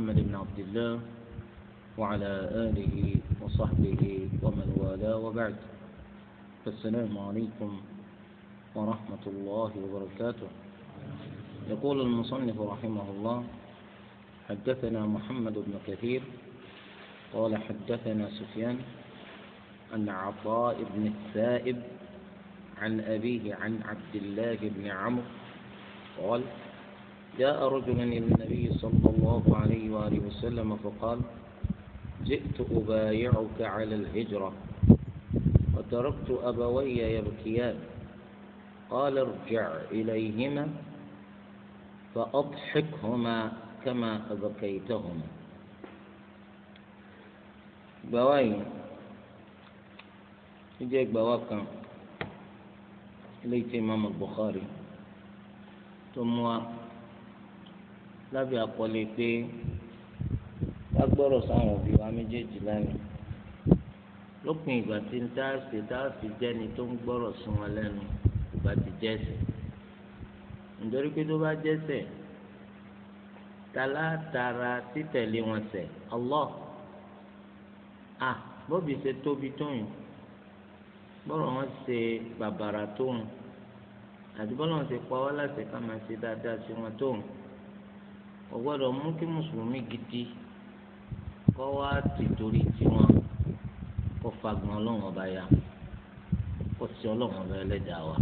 محمد بن عبد الله وعلى آله وصحبه ومن والاه وبعد فالسلام عليكم ورحمة الله وبركاته يقول المصنف رحمه الله حدثنا محمد بن كثير قال حدثنا سفيان عن عطاء بن الثائب عن أبيه عن عبد الله بن عمرو قال جاء رجل إلى النبي صلى الله عليه وآله وسلم فقال جئت أبايعك على الهجرة وتركت أبوي يبكيان قال ارجع إليهما فأضحكهما كما أبكيتهما بواي يجيك بواكا ليت إمام البخاري ثم lábẹ́ àkọlé pé ká gbọ́rọ̀ sáwọn òbí wa méjèèjì lẹ́nu lópin ìgbà tí ń tá a ṣe tá a fi jẹ́ni tó ń gbọ́rọ̀ sí wọn lẹ́nu ìgbà tí jẹ́sẹ̀ nítorí pé tó bá jẹ́sẹ̀ talátara títẹ̀lé wọn sẹ̀ Allah ah bóbi ṣe tóbi tóyún bọ́rọ̀ wọn ṣe bàbàrà tóun àti bọ́lọ̀ ṣe pa wá láṣẹ ká máa ṣe dáadáa sí wọn tóun ó gbọ́dọ̀ mú kí mùsùlùmí gidi kọ́ wá tìtorí tiwọn kọ́ fagbọn ọlọ́run ọba ya kọ́ sí ọlọ́run ọba ẹlẹ́dàá wa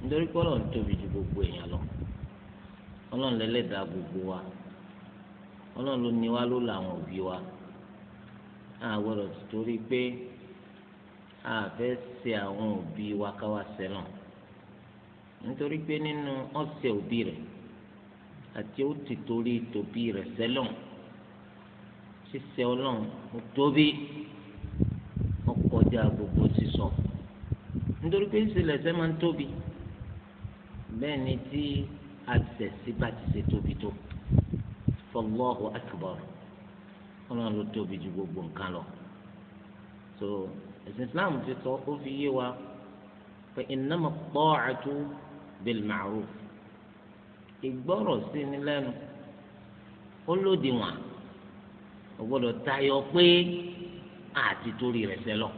nítorí pé ọlọ́run tóbi ju gbogbo èèyàn lọ ọlọ́run lẹ́lẹ́dàá gbogbo wa ọlọ́run ló ní wa ló là àwọn òbí wa a gbọ́dọ̀ tìtorí pé a fẹ́ ṣe àwọn òbí wa káwá sẹ́lọ̀ nítorí pé nínú ọ̀sẹ̀ òbí rẹ̀ àti ó ti torí tòbí rẹ̀ sẹ́lọ̀n ṣíṣe ọlọ́run ó tóbi ó kọjá gbogbo sísọ nítorí pé ṣíṣe lẹ̀ṣẹ̀ máa ń tóbi bẹ́ẹ̀ ni tí àṣẹ̀ṣí bá ti ṣe tóbi tó Allahu akbar ọlọ́run ló tóbi ju gbogbo nǹkan lọ so ẹ̀sìn Islam ti sọ ó fi yé wa pé innama at-ta'atu bil ma'ruf ìgbọ́rọ̀ sí ni lẹ́nu ó lòdì wọn ò gbọ́dọ̀ tayọ pé àti torí rẹ̀ sẹ́lọ̀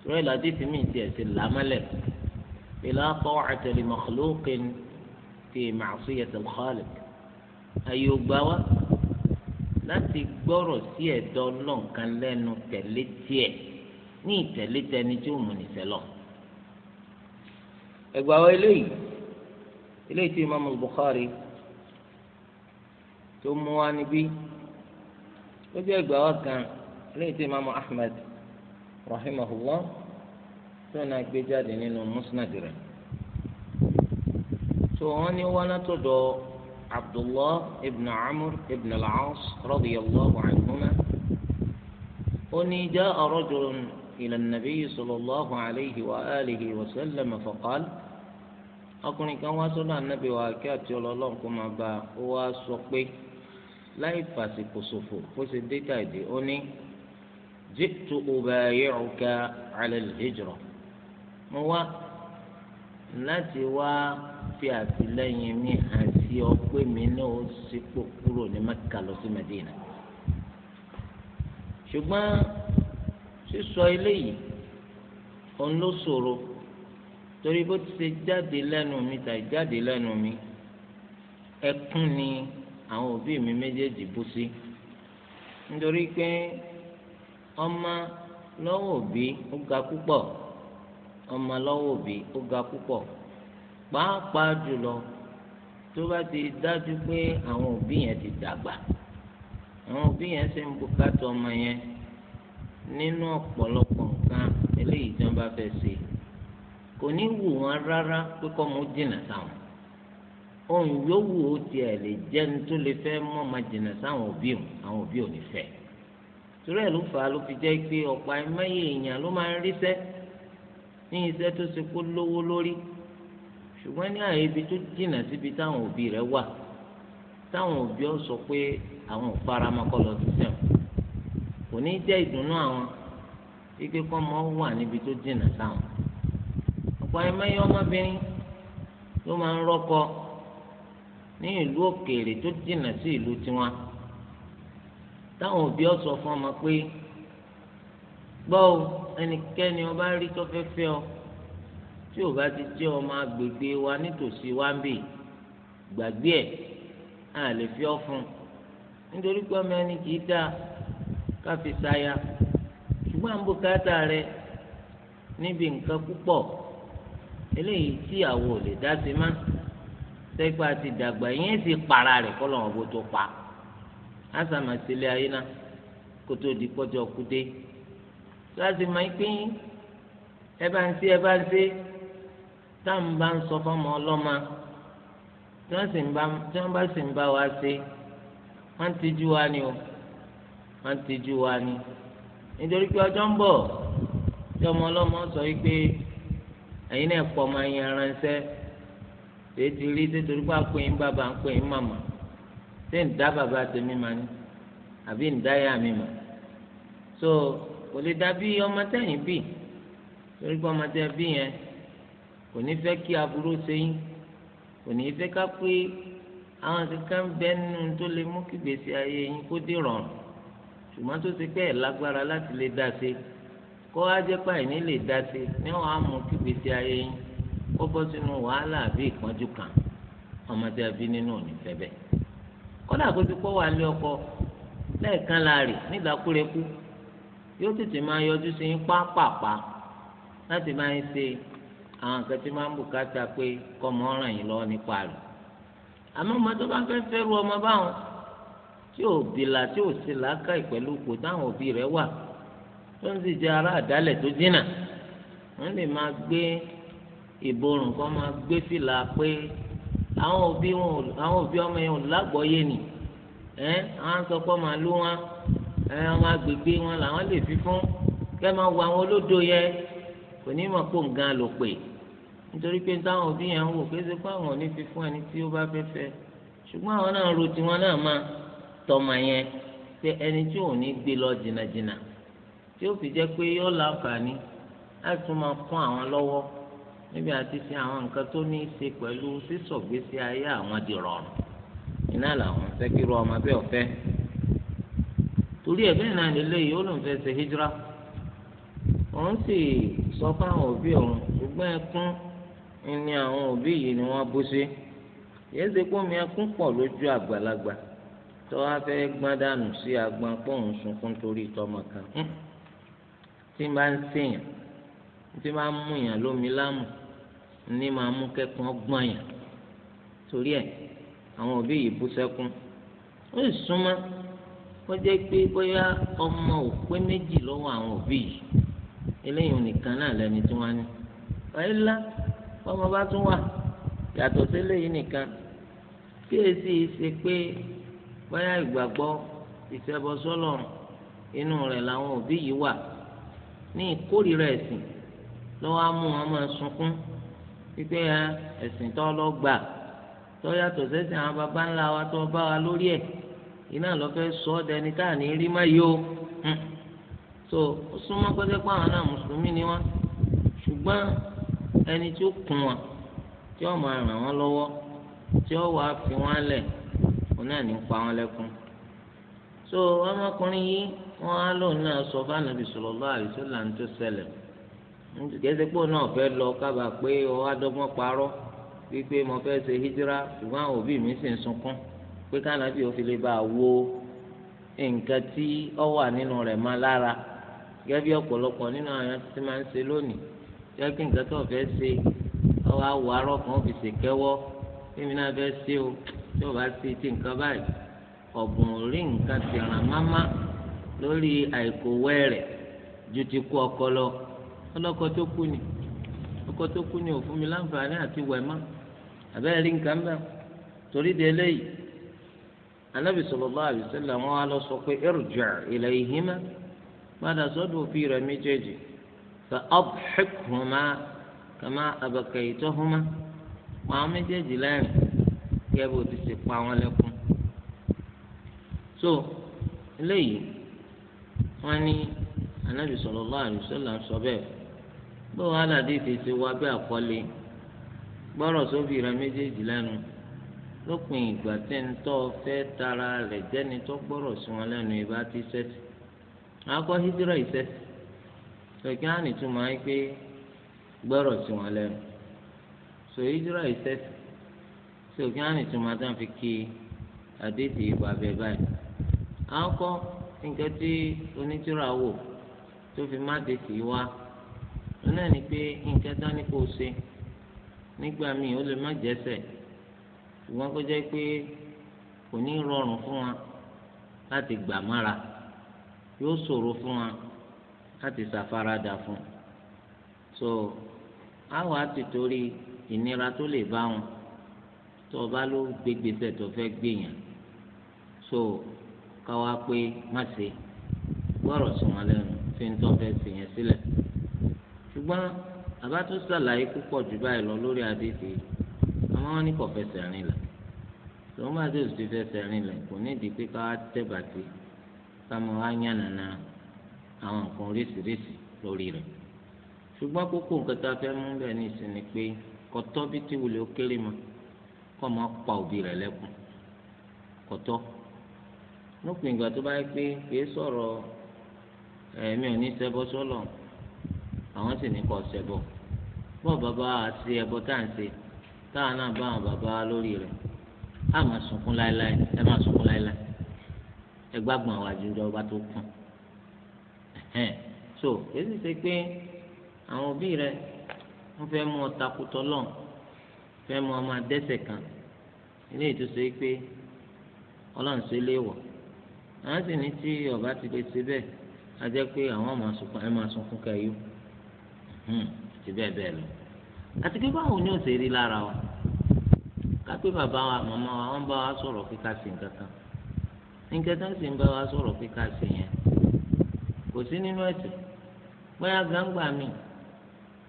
sọ́rọ́ ìlàdí tí mi ti ẹ̀sìn làmọ́lẹ̀ ìlà ta'ata li makhluqin fi ma'siyati al-khaliq ayé ògbà wa láti gbọ́rọ̀ sí ẹ̀dọ́ lọ́nkàn lẹ́nu tẹ̀lé tiẹ̀ ní ìtẹ̀lé tẹni tí ó mú ní sẹ́lọ̀ ẹ̀gbà wa eléyìí eléyìí tí imaamu Bukhari tó mú wá níbí ó jẹ́ ìgbà wa kan eléyìí tí imaamu Ahmad rahimahullah tó náà gbé jáde nínú musnad rẹ̀ tó wọ́n ní wọn látọ̀dọ̀ Abdullah ibn Amr ibn al-As radiyallahu anhuma ó jaa rajulun ila an sallallahu alayhi wa alihi wa sallam faqala ọkùnrin kan wá sọ́dọ̀ ànábì wa kí àti ọlọ́lọ́run kó máa bá ó wá sọ pé láì fàsìkò ṣòfò kó ṣe déta ìdè ó ní jitu ubayi'uka 'ala al-hijra mo wá láti wá fi àtìlẹ́yìn mi hàn sí ọ pé mi náà sípò kúrò ní Mẹ́kà lọ sí Mẹdínà ṣùgbọ́n sísọ eléyìí òun ló ṣòro torí bó ti ṣe jáde lẹ́nu mi tàì jáde lẹ́nu mi ẹkún ni àwọn òbí mi méjèèjì bú sí nítorí pé ọmọ lọ́wọ́ òbí ó ga púpọ̀ ọmọ lọ́wọ́ òbí ó ga púpọ̀ pàápàá jùlọ tó bá ti dájú pé àwọn òbí yẹn ti dàgbà àwọn òbí yẹn ṣe ń bùkátà ọmọ yẹn nínú ọ̀pọ̀lọpọ̀ nǹkan eléyìí tí wọ́n bá fẹ́ ṣe. kò ní wù wọn rárá pé kọ́ mo sáwọn ohun yòówù ó tiẹ̀ lè jẹ́ ní tó lè fẹ́ mọ́ máa jìnnà sáwọn òbí òun àwọn òbí òun nífẹ̀ẹ́ torí ló fà á ló fi jẹ́ pé ọ̀pọ̀ àìmọye èèyàn ló máa ń ríṣẹ́ ní iṣẹ́ tó ṣe kó lówó ibi tó jìnnà síbi táwọn òbí rẹ̀ wà táwọn òbí ọ sọ pé àwọn ò faramakọ́ lọ sí sẹ́wọ̀n kò ní jẹ́ ìdùnnú àwọn ike kọ́ mọ́ wà níbi ọ̀pọ̀ ẹ̀mẹ́yẹ ọmọbìnrin ló máa ń rọ́kọ ní ìlú òkèèrè tó jìnnà sí ìlú tiwọn táwọn òbí ọ fún ọmọ pé gbọ́ ẹnikẹ́ni ọba rí fẹ́ ọ tí ò bá ti jẹ́ ọmọ agbègbè wa nítòsí wa ń bì gbàgbé ẹ̀ á lè fi ọ́ fún un nítorí pé ọmọ ẹni kì í dáa ká rẹ níbi nǹkan púpọ̀. eléyìí tí àwọn ò lè dá sí má sẹ́gbà ti dàgbà yẹn sì para rẹ̀ kọ́ lọ́wọ́ bó tó pa àsàmà sílé ayé náà kó tó di kọjọ kúdé tó a sì máa ń pín ẹ bá ń ṣe ẹ bá ń ṣe tá à ń bá ń sọ fọmọ ọlọ́mọ tí wọ́n sì ń bá tí wọ́n bá sì ń bá wa ṣe wọ́n ti jú wa ni o wọ́n ti jú wa ni nítorí pé ọjọ́ ń bọ̀ tí ọmọ ọlọ́mọ sọ yìí pé ẹ̀yin náà pọ̀ máa yin aránṣẹ́ tètè rí tètè pé àpéyìn bàbá àpéyìn màmá ṣé ń dá bàbá tèmi mà ní àbí ń dá yá mi mà so kò lè dàbí ọmọ tẹ̀yìn bì torí pé ọmọ tẹ̀yìn bì yẹn kò ní fẹ́ kí aburú ṣe yín kò ní fẹ́ ká pé àwọn kankan bẹ́ẹ̀ nínú tó lè mú kí gbèsè ayé yín kó dé rọrùn ṣùgbọ́n tó ti pẹ́ lágbára láti lè dá ṣe. kó wá jẹ́ pé àìní lè dá sí ní wọ́n á mú kí gbèsè ayé yín kó bọ́ sínú wàhálà àbí ìpọ́njú kan ọmọdé tí a bí nínú òní kódà kó ti wà lé ọkọ lẹ́ẹ̀kan láàrè nídàkúrekú yóò tètè máa yọjú sí pápápá láti máa ń ṣe àwọn nǹkan tí máa ń bùkátà pé lọ́wọ́ nípa rẹ̀. àmọ́ ọmọ tó bá fẹ́ fẹ́ ru ọmọ báwọn tí ò bìlà tí ò tó ń sì jẹ́ ará àdálẹ̀ tó dínà wọ́n lè máa gbé ìborùn kan máa gbé fìlà pé àwọn òbí wọn àwọn òbí ọmọ yẹn ò lágbọ́yé nì ẹ́ àwọn sọ pé màá lú wọn ẹ́ ọmọ agbègbè wọn làwọn lè fi fún kẹ́ máa wo àwọn olódo yẹn kò ní mọ̀ pò ń gan lò pé nítorí pé táwọn òbí yẹn ń wò pé ṣe pé àwọn ò fi fún ẹni tí ó bá fẹ́ fẹ́ ṣùgbọ́n àwọn náà ro tiwọn náà máa tọmọ yẹn pé ẹni tí òun gbé lọ jìnnàjìnnà tí ó fi jẹ́ pé yóò láǹfààní láti tún máa kún àwọn lọ́wọ́ níbi àti ṣe àwọn nǹkan tó ní í ṣe pẹ̀lú sísọ̀gbésí ayé àwọn di rọrùn iná làwọn ọmọ ọ̀fẹ́ torí ẹ̀ bẹ́ẹ̀ náà ó fẹ́ ṣe òun sì sọ àwọn òbí òun ṣùgbọ́n ẹkún ni àwọn òbí yìí ni wọ́n bú ṣe pé omi ẹkún pọ̀ lójú àgbàlagbà tó fẹ́ gbọ́n sí tí máa ń sèyàn tí máa ń mú yàn lómi láàmú ní máa mú kẹ́kọ̀ọ́ gbọ́n yàn torí ẹ̀ àwọn òbí yìí bú sẹ́kún ó sì súnmọ́ wọ́n jẹ́ pé bóyá ọmọ ò pé méjì lọ́wọ́ àwọn òbí yìí eléyìí nìkan náà lẹ́ni tí wọ́n ní ọ̀yẹ́ ńlá ọmọ bá tún wà yàtọ̀ sí eléyìí nìkan kí èsì ṣe pé bóyá ìgbàgbọ́ ìṣẹ́bọsọ́lọ̀ inú rẹ̀ làwọn òbí yìí wà. ní ìkórìíra ẹ̀sìn lọ́wọ́ á mú wọn máa sunkún wípé ẹ̀sìn tó lọ gbà tó yàtọ̀ sẹ́sìn àwọn ńlá wa tó bá wa lórí ẹ̀ iná lọ fẹ́ sọ ọ́ dẹni tá à ní rí yi o. Hmm. so ó súnmọ́ pẹ́ẹ́pẹ́ pé àwọn náà ni wọ́n ṣùgbọ́n ẹni tí ó kún wọn tí ó máa ràn wọ́n lọ́wọ́ tí ó wàá fi wọ́n lẹ̀ òun náà ní pa wọ́n lẹ́kún so ọmọkùnrin yìí. wọn á lóun náà sọ fánàbì sallallahu alaihi wasallam tó ṣẹlẹ̀ gẹ́sẹ̀ pé náà fẹ́ lọ kábà pé ọwọ́ adọ́gbọ́n parọ́ wípé mo fẹ́ ṣe hijira ṣùgbọ́n àwọn òbí mi sì ń sunkún pé kánàbì ò fi lè bá a wo nǹkan tí ó wà nínú rẹ̀ lára gẹ́gẹ́ bí ọ̀pọ̀lọpọ̀ nínú àwọn tí máa ń ṣe lónìí jẹ́ kí nǹkan tó fẹ́ ṣe o tí ò bá Lori àìkówẹ́ were ju ti kú ọkọ lọ ọlọ́kọ tó kú ni ọkọ tó kú ni ò fún mi láǹfààní àti àbẹ́rẹ́ rí torí de eléyìí anabi sallallahu alaihi wọn á lọ sọ pé irji' ilayhima padà sọ́dọ̀ òfin rẹ̀ méjèèjì fa adhikhuma kama abakaytahuma pa àwọn méjèèjì lẹ́rìn kí bó ti pa wọn wọ́n ní anabi sallallahu alaihi wasallam sọ bẹ́ẹ̀ bó wàhálà dìde ṣe obi bí àkọlé lenu. sóbì rẹ méjèèjì lẹ́nu lópin ìgbà tí tara rẹ jẹ́ni tó gbọ́rọ̀ sí wọn lẹ́nu ìbá ti akọ hídírà ìsẹ́tì tọ́kí á nìtumọ̀ ayé pé gbọ́rọ̀ sí wọn lẹ́nu sọ hídírà ìsẹ́tì tọ́kí á nìtumọ̀ àti fi kí akọ. nǹkan tí onítìrà wò tó fi má de sí wa wọn náà ní pé nǹkan dání kò ṣe nígbà míì ó lè má jẹ́sẹ̀ ṣùgbọ́n kó jẹ́ pé kò ní rọrùn fún wa láti gbà mára yóò ṣòro fún wa láti ṣàfaradà fún so àwọn àti torí ìnira tó lè bá wọn tó o bá ló gbégbèsè tó fẹ́ gbìyàn so káwá pé má ṣe gbọ́rọ̀ sùn wọn lẹ́nu fi ń tọ́ fẹ́ sèyẹn sílẹ̀ ṣùgbọ́n àbá tó ṣàlàyé púpọ̀ jù báyìí lọ lórí adéfì àmọ́ wọn ní kò fẹsẹ̀ rìn lẹ̀ tòun bá tó ti fẹsẹ̀ rìn lẹ̀ kò ní ìdí pé káwá tẹ̀ káwọn wá yànnàna àwọn nǹkan oríṣiríṣi lórí rẹ̀ ṣùgbọ́n kókó nǹkan tá a fẹ́ mú bẹ́ẹ̀ ní ìsìn ni pé kọ́tọ́ bí tí wulẹ̀ ó kéré mọ́ kọ́ mọ́ pa òbí rẹ̀ lẹ́kùn kọ́tọ́ lópin ìgbà tó bá yẹ pé kìí sọ̀rọ̀ ẹ̀mí ò ní ṣẹbọ sọ́lọ̀ àwọn sì ní kọ́ ṣẹbọ bọ́ọ̀ bàbá àti ẹbọ tá à ń ṣe táwọn náà bá àwọn bàbá lórí rẹ̀ á máa sunkún láéláé ẹ máa sunkún láéláé ẹ gbàgbọ́n àwọn àjùjọ ọba tó kàn so èyí ṣe pé àwọn òbí rẹ̀ wọ́n fẹ́ mú ọ takùtọ̀ lọ́n fẹ́ mú ọ máa kan ilé ìtúsọ pé ọlọ́run ṣe léèwọ̀ àwọn sì ní tí ọba ti lè ṣe bẹ́ẹ̀ á jẹ́ pé àwọn máa sunkún ẹ máa sunkún kẹyọ hmm, àti bẹ́ẹ̀ bẹ́ẹ̀ lọ àti pé báwo ni òsè rí lára wa ká pé bàbá wa màmá wa wọ́n bá wa sọ̀rọ̀ pé ká ṣe nǹkan kan nǹkan tán sì ń bá wa sọ̀rọ̀ pé ká ṣe yẹn kò sí nínú ẹ̀sìn bóyá gbangba mi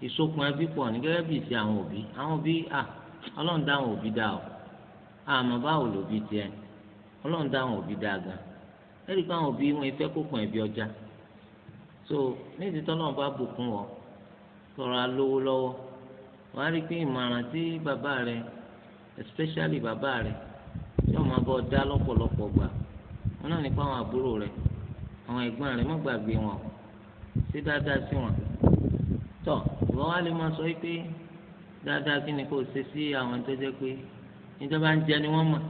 ìsokùn ẹbí pọ̀ ní gẹ́gẹ́ bí ìsìn àwọn òbí àwọn òbí à ọlọ́run dá òbí dá o àmọ́ báwo lòbí tiẹ̀ ọlọ́run dá òbí dá gan-an ẹ̀rí pé àwọn òbí wọn ìfẹ́ kó pọ̀ ẹ̀bí ọjà so ní ìdítọ́ náà bá bùkún ọ tọrọ alówó lọ́wọ́ wàá rí pé ìmọ̀ràn tí bàbá rẹ especially bàbá rẹ tí ọmọ abọ́ dá lọ́pọ̀lọpọ̀ gbà wọn náà nípa àwọn àbúrò rẹ àwọn ẹ̀gbọ́n rẹ má gbàgbé wọn sí dáadáa sí wọn tọ ìwọ wa lè máa sọ pé dáadáa kí ni kò ṣe sí àwọn tó jẹ́ pé níjọba ń jẹ ni wọ́n mọ̀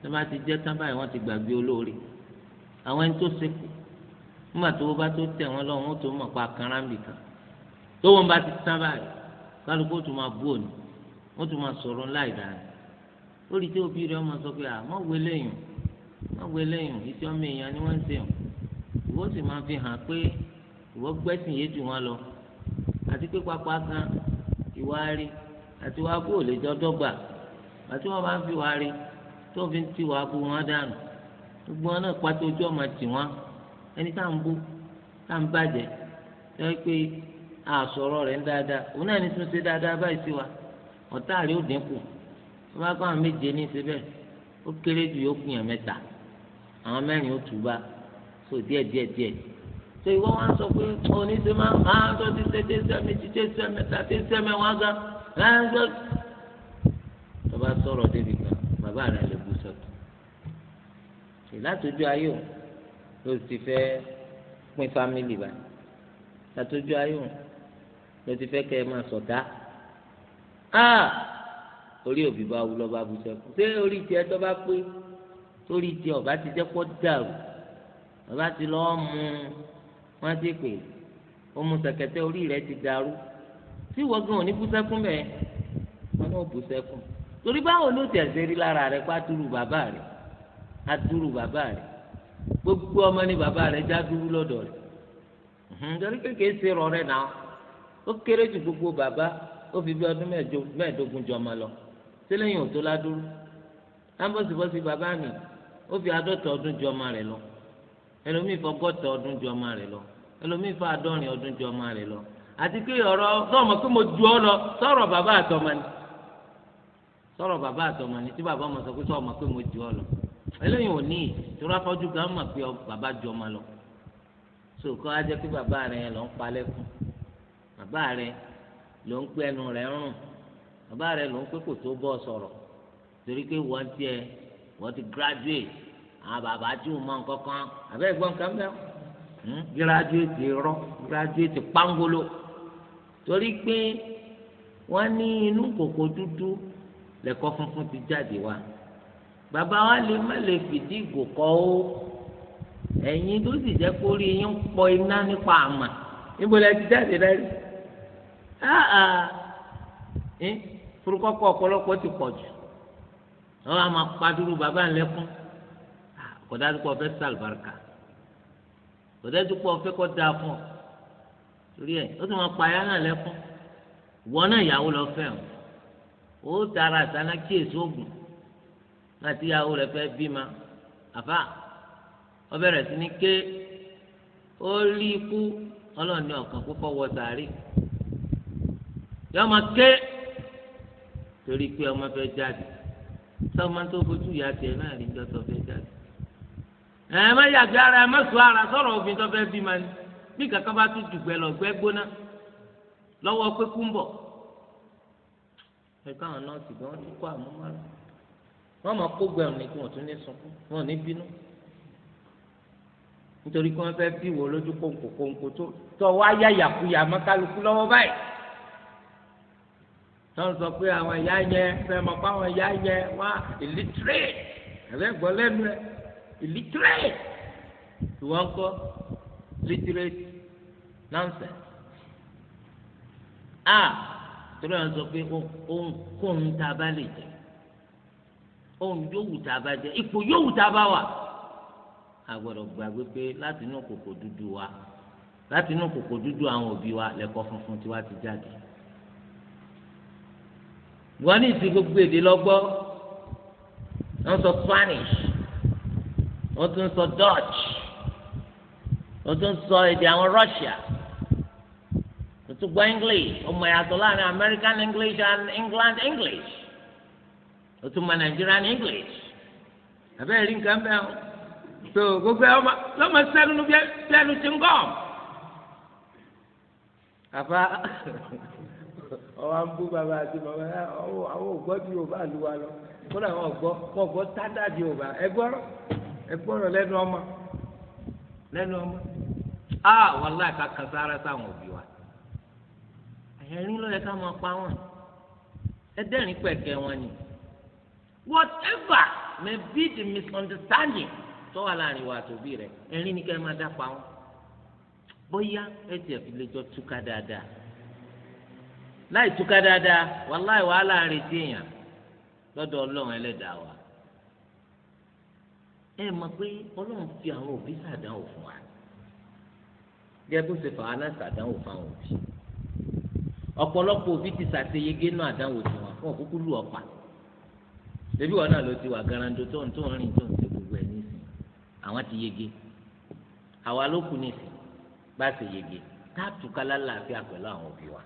tó bá ti jẹ́ tán báyìí ti gbàgbé olóore àwọn ẹni tó ṣekú nígbà tó bá tó tẹ̀ wọ́n lọ́wọ́ wọn tó mọ̀ pa karambi kan tó wọn bá ti tán báyìí kálukú tó máa bú òní wọn tó máa sọ̀rọ̀ ńlá ìdáná ó rí i tí òbí rẹ̀ ọmọ sọ pé àmọ́ wo eléyìí wọ́n wo eléyìí ìtí ọmọ èèyàn ni wọ́n ń sèwọ̀n ìwọ sì máa fi hàn pé ìwọ gbẹ́sìn yé ju wọn lọ àti pé pápá kan ìwà rí àti wàá kú ò lè jọ dọ́gba àti wọ́n máa ń fi wàá rí tó fi ń ti kú wọn dànù gbogbo wọn náà pàtó ojú ọmọ tì wọn ẹni tá à ń bú tá à ń bàjẹ́ ẹ pé àsọ̀rọ̀ rẹ̀ ń dáadáa òun náà ní tún ṣe dáadáa báyìí sí wa ọ̀tá rẹ̀ ó dínkù wọ́n bá kọ́ àwọn méje ní síbẹ̀ ó kéré ju yóò kúnyàn mẹ́ta àwọn mẹ́rin ó túbà so díẹ̀ díẹ̀ díẹ̀ so ìwọ wá ń sọ pé oníṣe máa ń máa ń tọ́ ti ṣe dé sẹ́mi ti dé sẹ́mi ta dé sẹ́mi wá gan láńsọ tó bá sọ̀rọ̀ débi kan bàbá rẹ̀ lè bu látọjú ayé o ló ti fẹ́ pín fámìlì báyìí látọjú ayé o ló ti fẹ́ kẹ́ ẹ máa sọ̀dá a ah! orí òbí bá wú lọ́ba bú sẹ́kù ṣé orí tiẹ̀ tó bá pé torí tiẹ̀ ọ̀bá ti jẹ́ pọ́ dàrú ọ̀bá ti lọ́ọ́ mú wọ́n ti pè ó mú sẹ̀kẹ̀tẹ̀ orí rẹ̀ ti dàrú tí ìwọ gan òní bú sẹ́kù mẹ́ẹ̀ wọn náà bú sẹ́kù torí báwo ló tẹ̀ ṣe rí lára rẹ̀ pátúrú bàbá rẹ̀ adúrú bàbá rẹ̀ gbogbo ọmọ ní bàbá rẹ̀ já dúró lọ́dọ̀ rẹ̀ nítorí kékeré ṣe rọrẹ́ náà ó kéré ju gbogbo bàbá ó fi bí ọdún mẹ́ẹ̀ẹ́dógún jọ ọmọ lọ sílẹ̀yìn ò tó ládúró lábọ̀sibọ́sí bàbá mi ó fi àádọ́ta ọdún jọ ọmọ rẹ̀ lọ ẹlòmíì fọ ọgọ́ta ọdún jọ ọmọ rẹ̀ lọ ẹlòmíì fọ àádọ́rin ọdún jọ ọmọ rẹ̀ lọ àti pé ọ̀rọ̀ sọ̀rọ̀ pé mo ju ọ lọ sọ̀rọ̀ bàbá àtọmọ ni sọ̀rọ̀ bàbá àtọmọ ni tí bàbá ọmọ sọ pé sọ̀rọ̀ pé mo ju ọ lọ eléyìí ò ní ìtura afọ́jú gan mọ̀ pé bàbá ju ọmọ lọ so kọ́ á jẹ́ pé bàbá rẹ̀ lọ ń palẹ́kùn bàbá rẹ̀ ló ń pé ẹnu rẹ̀ rùn bàbá rẹ̀ ló ń pé kò tó bọ́ sọ̀rọ̀ torí pé wọ́n tiẹ̀ wọ́n ti graduate àwọn bàbá tí ò mọ nǹkan kan àbẹ́ ìgbọ́n kan bẹ́ẹ̀ hmm? graduate rọ graduate pangolo torí pé wọ́n ní inú kòkó dúdú lẹ́kọ́ funfun ti jáde wá bàbá wa lè má lè fìdí ìgò kọ́ ó ẹ̀yin tó sì jẹ́ kó rí yín pọ iná nípa àmà níbo la ti jáde lẹ́rìí furukọ́kọ́ ọ̀pọ̀lọpọ̀ ti pọ̀ jù wọ́n á máa padúrú bàbá ńlẹ́kùn kò dájú pé ọ̀fẹ́ sàlùbáríkà kò dájú pé ọ̀fẹ́ da fún ọ torí ẹ̀ ó sì máa pa ayá náà lẹ́kùn ìwọ náà ìyàwó lọ fẹ́ o ó tara àtàlà kíyèsí àti ìyàwó rẹ̀ fẹ́ bímọ àfà ó bẹ̀rẹ̀ sí ní ké ó rí ikú ọlọ́ọ̀ni ọ̀kan púpọ̀ wọ sàárì yọọ ma ké torí pé ọmọ fẹ́ jáde sọmọ tó fojú ìyá tiẹ̀ náà rí jọ tó fẹ́ jáde ẹ má yàgbé ara ẹ má sùn ara sọ̀rọ̀ òfin tó fẹ́ bímọ ni bí kankan bá tún dùgbẹ́ lọ gbẹ́ gbóná lọ́wọ́ pé kú ń bọ̀ ẹ káwọn nọ́ọ̀sì gan ti kó àmúmọ́ra wọ́n máa kó gbẹ̀rún ní kí wọ́n tún ní sunkún wọ́n ní bínú nítorí kí wọ́n fẹ́ bí wo lójú kóńkó kóńkó tó tó wá yá yàkuyà mọ́ kálukú lọ́wọ́ báyìí wọ́n sọ pé àwọn ìyá yẹn fẹ́ mọ̀ pé àwọn ìyá yẹn wá illiterate ẹ̀rẹ́ gbọ́ lẹ́nu ẹ̀ illiterate ìwọ́n ń kọ́ literate nonsense a ah, torí wọ́n sọ pé ó ń kó ń ta bá lè jẹ́ ohun yòówù tá a bá jẹ ipò yòówù tá a bá wà a gbọ́dọ̀ gbàgbé pé láti inú kòkò dúdú wa láti inú kòkò dúdú àwọn òbí wa lẹ́kọ̀ọ́ funfun tiwa ti jáde wọn ní ìsìn gbogbo èdè lọgbọ wọn sọ Spanish wọn tún sọ Dutch wọn tún sọ èdè àwọn Russia wọn tún gbọ́ English ọmọ yàtọ̀ láàrin American English and England English o tún mọ Nigerian English abẹ́ rí nǹkan bẹ́ẹ̀ o tó gbogbo ọmọ lọ́mọ sẹ́nu bí ẹnu ti ń gọ̀ àbá ọwọ́ ń bú bàbá àti bàbá àwọn ògbọ́ bí Yorùbá lu wa lọ kódà wọn gbọ́ wọn gbọ́ tádà bí Yorùbá ẹ gbọ́rọ̀ ẹ gbọ́rọ̀ lẹ́nu ọmọ lẹ́nu ọmọ a wàláì ká kan sára sáwọn òbí wa ẹ̀rín ló yẹ ká máa pa wọn ẹ dẹ́rìn pẹ̀kẹ́ wọn ni. whatever may be the misunderstanding tó wà láàrin wa àtòbí rẹ ẹ̀rín ni kẹ́ máa dá wọn bóyá ẹ tiẹ̀ fi lè jọ túká dáadáa láì túká dáadáa wàláì wàhálà retí èèyàn lọ́dọ̀ ọlọ́run ẹlẹ́dàá wa ẹ mọ̀ pé ọlọ́run fi àwọn òbí ṣàdánwò fún wa bí bó ṣe fàá náà ṣàdánwò ti náà àdánwò tiwọn lù ọ́ pa. débi wọn náà ló ti wà garando tó ń tó ń rìn tó ń ṣe gbogbo ẹ̀ nísìn àwọn ti yege àwa ló kù nísìn bá ṣe yege táàtù kálá pẹ̀lú àwọn òbí wa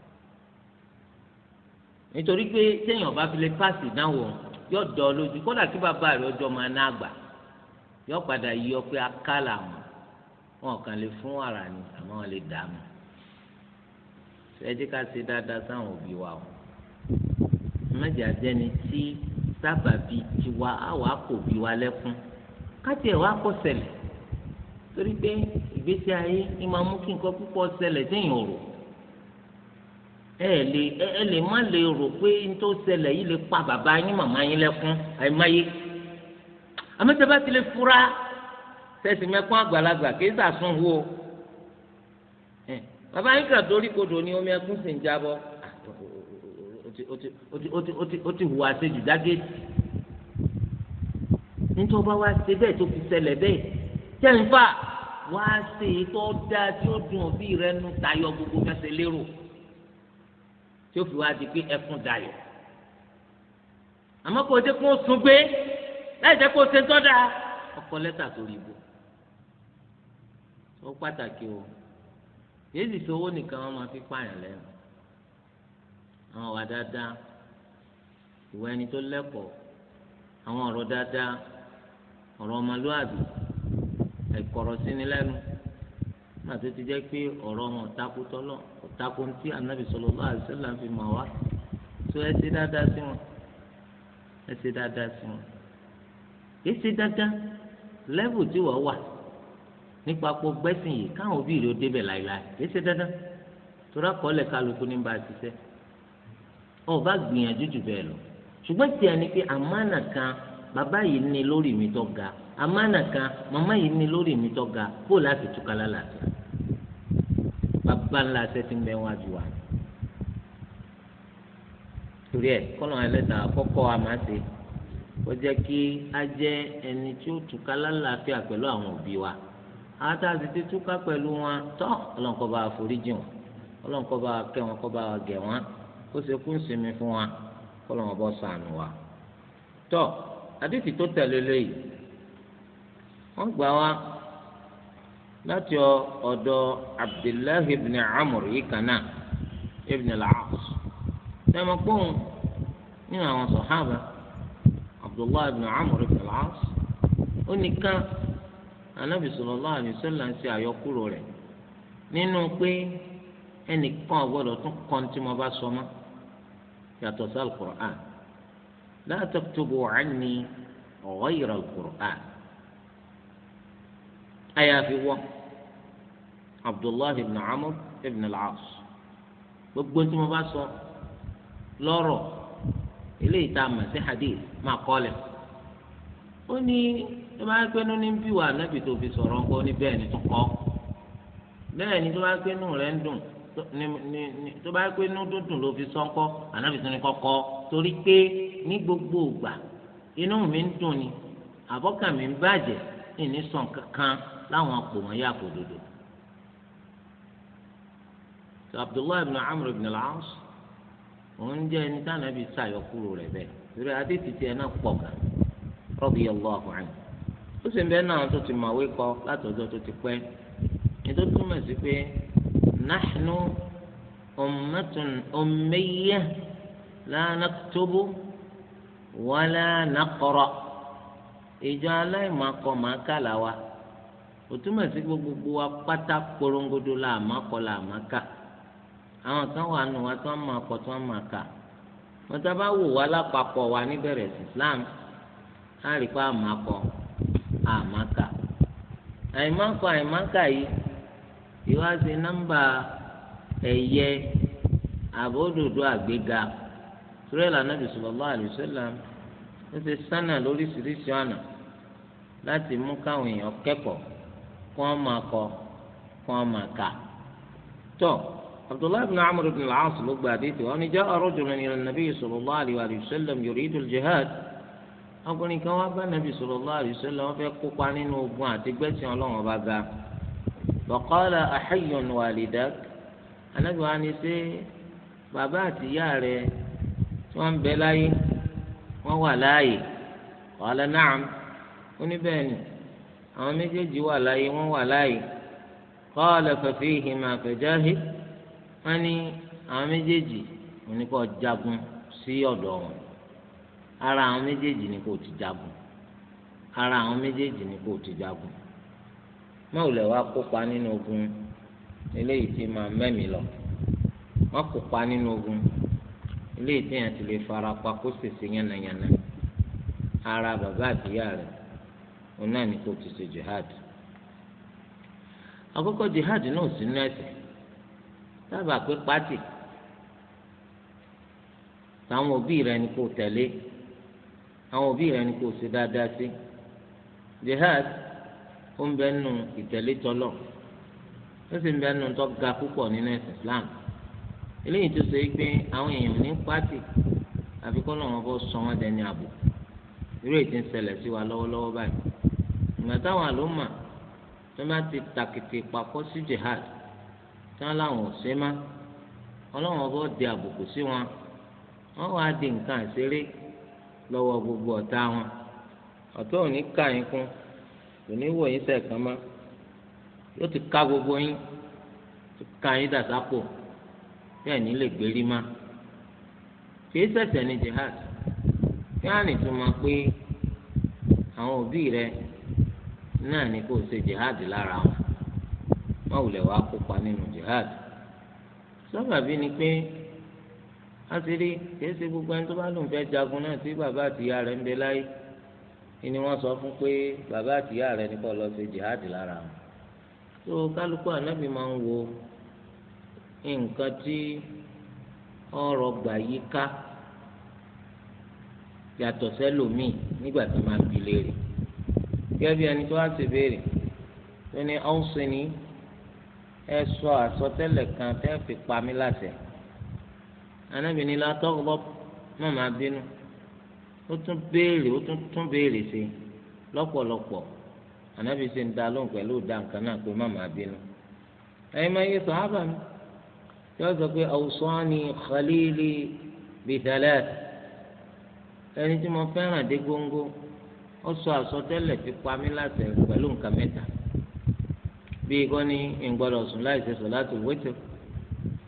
nítorí pé téèyàn bá fi lè páàsì ìdánwò yóò dọ̀ ọ́ lójú kódà kí bàbá rẹ̀ ọjọ́ máa ná àgbà yóò padà yí ọ pé akálà wọn wọn kàn lè fún ara ni àmọ́ wọn lè dà mọ́ ẹ jẹ́ ká ṣe dáadáa sáwọn òbí wa o mẹ́jọ àjẹni tí. Si, sábàbí tiwa àwa kò bí wa lẹ́kún káti ẹ̀ wá kọ́ ṣẹlẹ̀ torí pé ìgbésí ayé ni máa mú kí nǹkan púpọ̀ ṣẹlẹ̀ séèyàn rò ẹ lè ẹ lè má lè rò pé nítorí ṣẹlẹ̀ yìí lè pa bàbá yín màmá yín lẹ́kún àìmáyé àmọ́tẹ́ ti lè fura tẹ̀sí mẹ́kún àgbàlagbà kì í sàsún wo bàbá yín kà torí kodò ni omi ẹkún sì ń jábọ́ ó ti hùwà àṣejù dágéjì nítorí ọba wa ṣe bẹ́ẹ̀ tó fi ṣẹlẹ̀ bẹ́ẹ̀ jẹ́nfà wá ṣe tó dáa tí ó dùn òbí rẹ nù tayọ gbogbo fẹsẹ̀ lérò tí ó fi wá di pé ẹkún dayọ̀ àmọ́ kò dé kó sùn gbé láì jẹ́ kó ṣe tọ́da ọkọ lẹ́tà sórí ibo ó pàtàkì o yéèzì sọ owó nìkan wọn máa fi pààyàn lẹ́nu àwọn wà dáadáa ìwà ẹni tó lẹ́kọ̀ọ́ àwọn ọ̀rọ̀ dáadáa ọ̀rọ̀ ọmọlúwàbí ẹ̀kọ́rọ̀ síni lẹ́nu má tó ti jẹ́ pé ọ̀rọ̀ wọn ọ̀tako tọ́lọ̀ ọ̀tako ń tí anabi sallallahu alaihi wasallam fi mọ̀ wá tó ẹ ṣe dáadáa sí wọn ẹ ṣe dáadáa sí wọn kì ṣe dáadáa lẹ́bù tí wọ́n wà nípa pọ̀ gbẹ́sìn yìí káwọn òbí rẹ̀ ó débẹ̀ láìláì kì ṣe dáadáa tó kálukú ní bá a ṣiṣẹ́ wọn ò bá gbìyànjú jù bẹ́ẹ̀ lọ ṣùgbọ́n tí a ní pé àmánà kan bàbá yìí ní lórí mi tó ga àmánà kan màmá yìí ní lórí mi tó ga kó láti túká lálàáfíà bàbá ńlá ṣe ti ń bẹ wọn àjùwà torí ẹ kọ́nà ẹlẹ́dàá kọ́kọ́ àmásè ó jẹ́ kí a jẹ́ ẹni tí ó túká lálàáfíà pẹ̀lú àwọn òbí wa àwọn tá a sì ti túká pẹ̀lú wọn tọ́ ọlọ́nkọ́ bá foríjì wọn ọlọ́nkọ́ bá kẹ́ wọn kọ́ bá gẹ̀ wọn. kó ṣe kú sinmi fún wa kó lọ́wọ́ bọ́ sànù wa. tọ́ àdìsí tó tẹ̀lé léyìí wọ́n gbà wá láti ọ̀dọ̀ abdullahi ibn amr yìí kan náà ibn al-aas tẹ̀mọ̀kùn nínú àwọn sọ̀hábà abdullahi ibn amr ibn al-aas ó anabi sallallahu alaihi ń ṣe àyọkúrò rẹ̀ nínú pé ẹnìkan ò tún yàtọ̀ sí alukur'an la taktubu anni ghayra alukur'an àyàfi wọ abdullahi ibn amr ibn al-as gbogbo tí mo bá sọ lọ́rọ̀ eléyìí tá a mọ̀ sí hadith máa kọ́ lẹ̀ ó ní ẹ máa gbẹ́nu ní bí wà nábì tó fi sọ̀rọ̀ ńkọ́ ní bẹ́ẹ̀ ni tó kọ́ bẹ́ẹ̀ ni tó máa gbẹ́nu rẹ̀ ń dùn tó bá yẹ pé inú dúndùn ló fi sọ́ńkọ́ ànábì tó ní kọ́kọ́ torí pé ní gbogbo ìgbà inú mi ń dùn ni àbọ́kàn mi ń bàjẹ́ ìní sàn kankan láwọn àpò wọn yà kó dodo. abdullahi ibn amr ibn al-as òun jẹ́ ẹni tí ànábì sàyọkúrò rẹ̀ bẹ́ẹ̀ torí adé ti tiẹ̀ náà pọ̀ gan radiyallahu anhu ó sì ń bẹ́ẹ̀ náà tó ti mọ̀wé kọ látọ̀jọ́ tó ti pẹ́ ètò túmọ̀ sí pé نحن أمة أمية لا نكتب ولا نقرأ ìjọ aláìmọ̀kọ máa kà láwa ó túmọ̀ sí gbogbo wa pátá korongodo la àmọ́kọ la àmọ́kà àwọn kan wà nù wá tí wọ́n máa kọ tí wọ́n máa kà wọ́n tá bá wò wá lápapọ̀ wa níbẹ̀rẹ̀ sí Islam á rí i pé àmọ́kọ àmọ́kà àìmọ́kọ àìmọ́kà yìí ìwádìí nọ́mbà ẹ̀yẹ àbódòdó àgbéga tùrẹ́là nàbì sallallahu alaihi wasallam ó ti sánà lóríṣiríṣi ọ̀nà láti mú káwọn èèyàn kẹ́kọ̀ọ́ kó wọ́n máa kọ kó wọ́n máa kà. tó abdullahi bin amr bin al-as ló gba àdéhùn wọn ni jẹ́ rajulun ila nàbì sallallahu alaihi wasallam yuridu al-jihad ọkùnrin kan wá bá nàbì sallallahu alaihi wasallam wọ́n fẹ́ kópa nínú ogun àti gbẹ̀sìn ọlọ́run ọba ga bọ̀kọ́lá àhẹ́yọ̀n wàlídà anábì wa ni pé bàbá àti ìyá rẹ tí wọ́n ń bẹ láyé wọ́n wà láàyè wàhálà náà ó ní bẹ́ẹ̀ ni àwọn méjèèjì wà láyé wọ́n wà láàyè kọ́ọ̀lẹ̀ fẹ̀fẹ́ ìhìnmà fẹ̀jáhì wọ́n ní àwọn méjèèjì òní jagun sí ọ̀dọ̀ wọn ara àwọn méjèèjì ni kò ti jagun ara àwọn méjèèjì ni kò ti jagun. má wulẹ̀ wá kópa nínú ogun eléyìí tí máa mẹ́mí lọ má kópa nínú ogun eléyìí tí yẹn ti lè fara pa kó sèse yánnayànna ara bàbá àtìyá rẹ̀ òun náà ní kó ti ṣe jihad àkọ́kọ́ jihad náà sí nínú ẹ̀sìn dábàá pé pátì táwọn òbí rẹ̀ ni kò tẹ̀lé àwọn òbí rẹ̀ ni kò ṣe dáadáa sí jihad. ó ń bẹ nù ìtẹ̀lé tọlọ ó sì ń bẹ nù tó ga púpọ̀ nínú ẹ̀sìn Islam eléyìí tó ṣe é pé àwọn èèyàn ní pátì àfi kọ́ lọ́wọ́ bọ́ sọ wọ́n dẹni àbò irú èyí ń ṣẹlẹ̀ sí wa lọ́wọ́lọ́wọ́ báyìí ìgbà táwọn àlómà tó bá ti tàkìtì papọ̀ sí jihad tí wọ́n láwọn ò ṣe má ọlọ́wọ́n bọ́ di àbùkù sí wọn wọ́n wá di nǹkan àṣeré lọ́wọ́ gbogbo ọ̀tá wọn ọ̀tọ́ òní ká yín kún kò ní wò yín sẹ́ẹ̀kan mọ́ yóò ti ká gbogbo yín tó ká yín dà sápò bẹ́ẹ̀ ní lè gbérí má kì í ní jihad kí á nìtúmọ̀ pé àwọn òbí rẹ náà ni kò ṣe jihad lára wọn má wulẹ̀ wá kópa nínú jihad sábàbí ni pé a ti rí kì í ṣe gbogbo ẹni tó bá lòun fẹ́ jagun náà tí bàbá àti ìyá rẹ̀ ń bẹ láyé ni wọ́n sọ fún pé bàbá àtìyá rẹ̀ nípa lọ ṣe jihad lára wọn. tó kálukú ànábì máa ń wo nǹkan tí ọ̀rọ̀ gbà yí ká yàtọ̀ sẹ́lòmíì nígbà tó máa fi léèrè. gẹ́gẹ́ bí ẹni tó wá ṣe béèrè tó ní ọ̀hún ẹ sọ àsọtẹ́lẹ̀ kan tẹ́ fi pa mí láṣẹ. ànábì ní látọ́gbọ́ mọ̀ máa bínú ó tún béèrè ó tún tún béèrè sí lọ́pọ̀lọpọ̀ ànábì ṣe ń da lóhùn pẹ̀lú ìdáǹkan náà pé màmá bínú. ẹ̀yin máa yẹ sàhábà mi yóò sọ pé awsani khalili bìtẹ́lẹ̀ ẹni tí mo fẹ́ràn dé góńgó ó sọ àsọtẹ́lẹ̀ fi pa mí láti pẹ̀lú nǹkan mẹ́ta bíi kọ́ ni n gbọ́dọ̀ sùn láì ṣe sọ̀látù wítìrì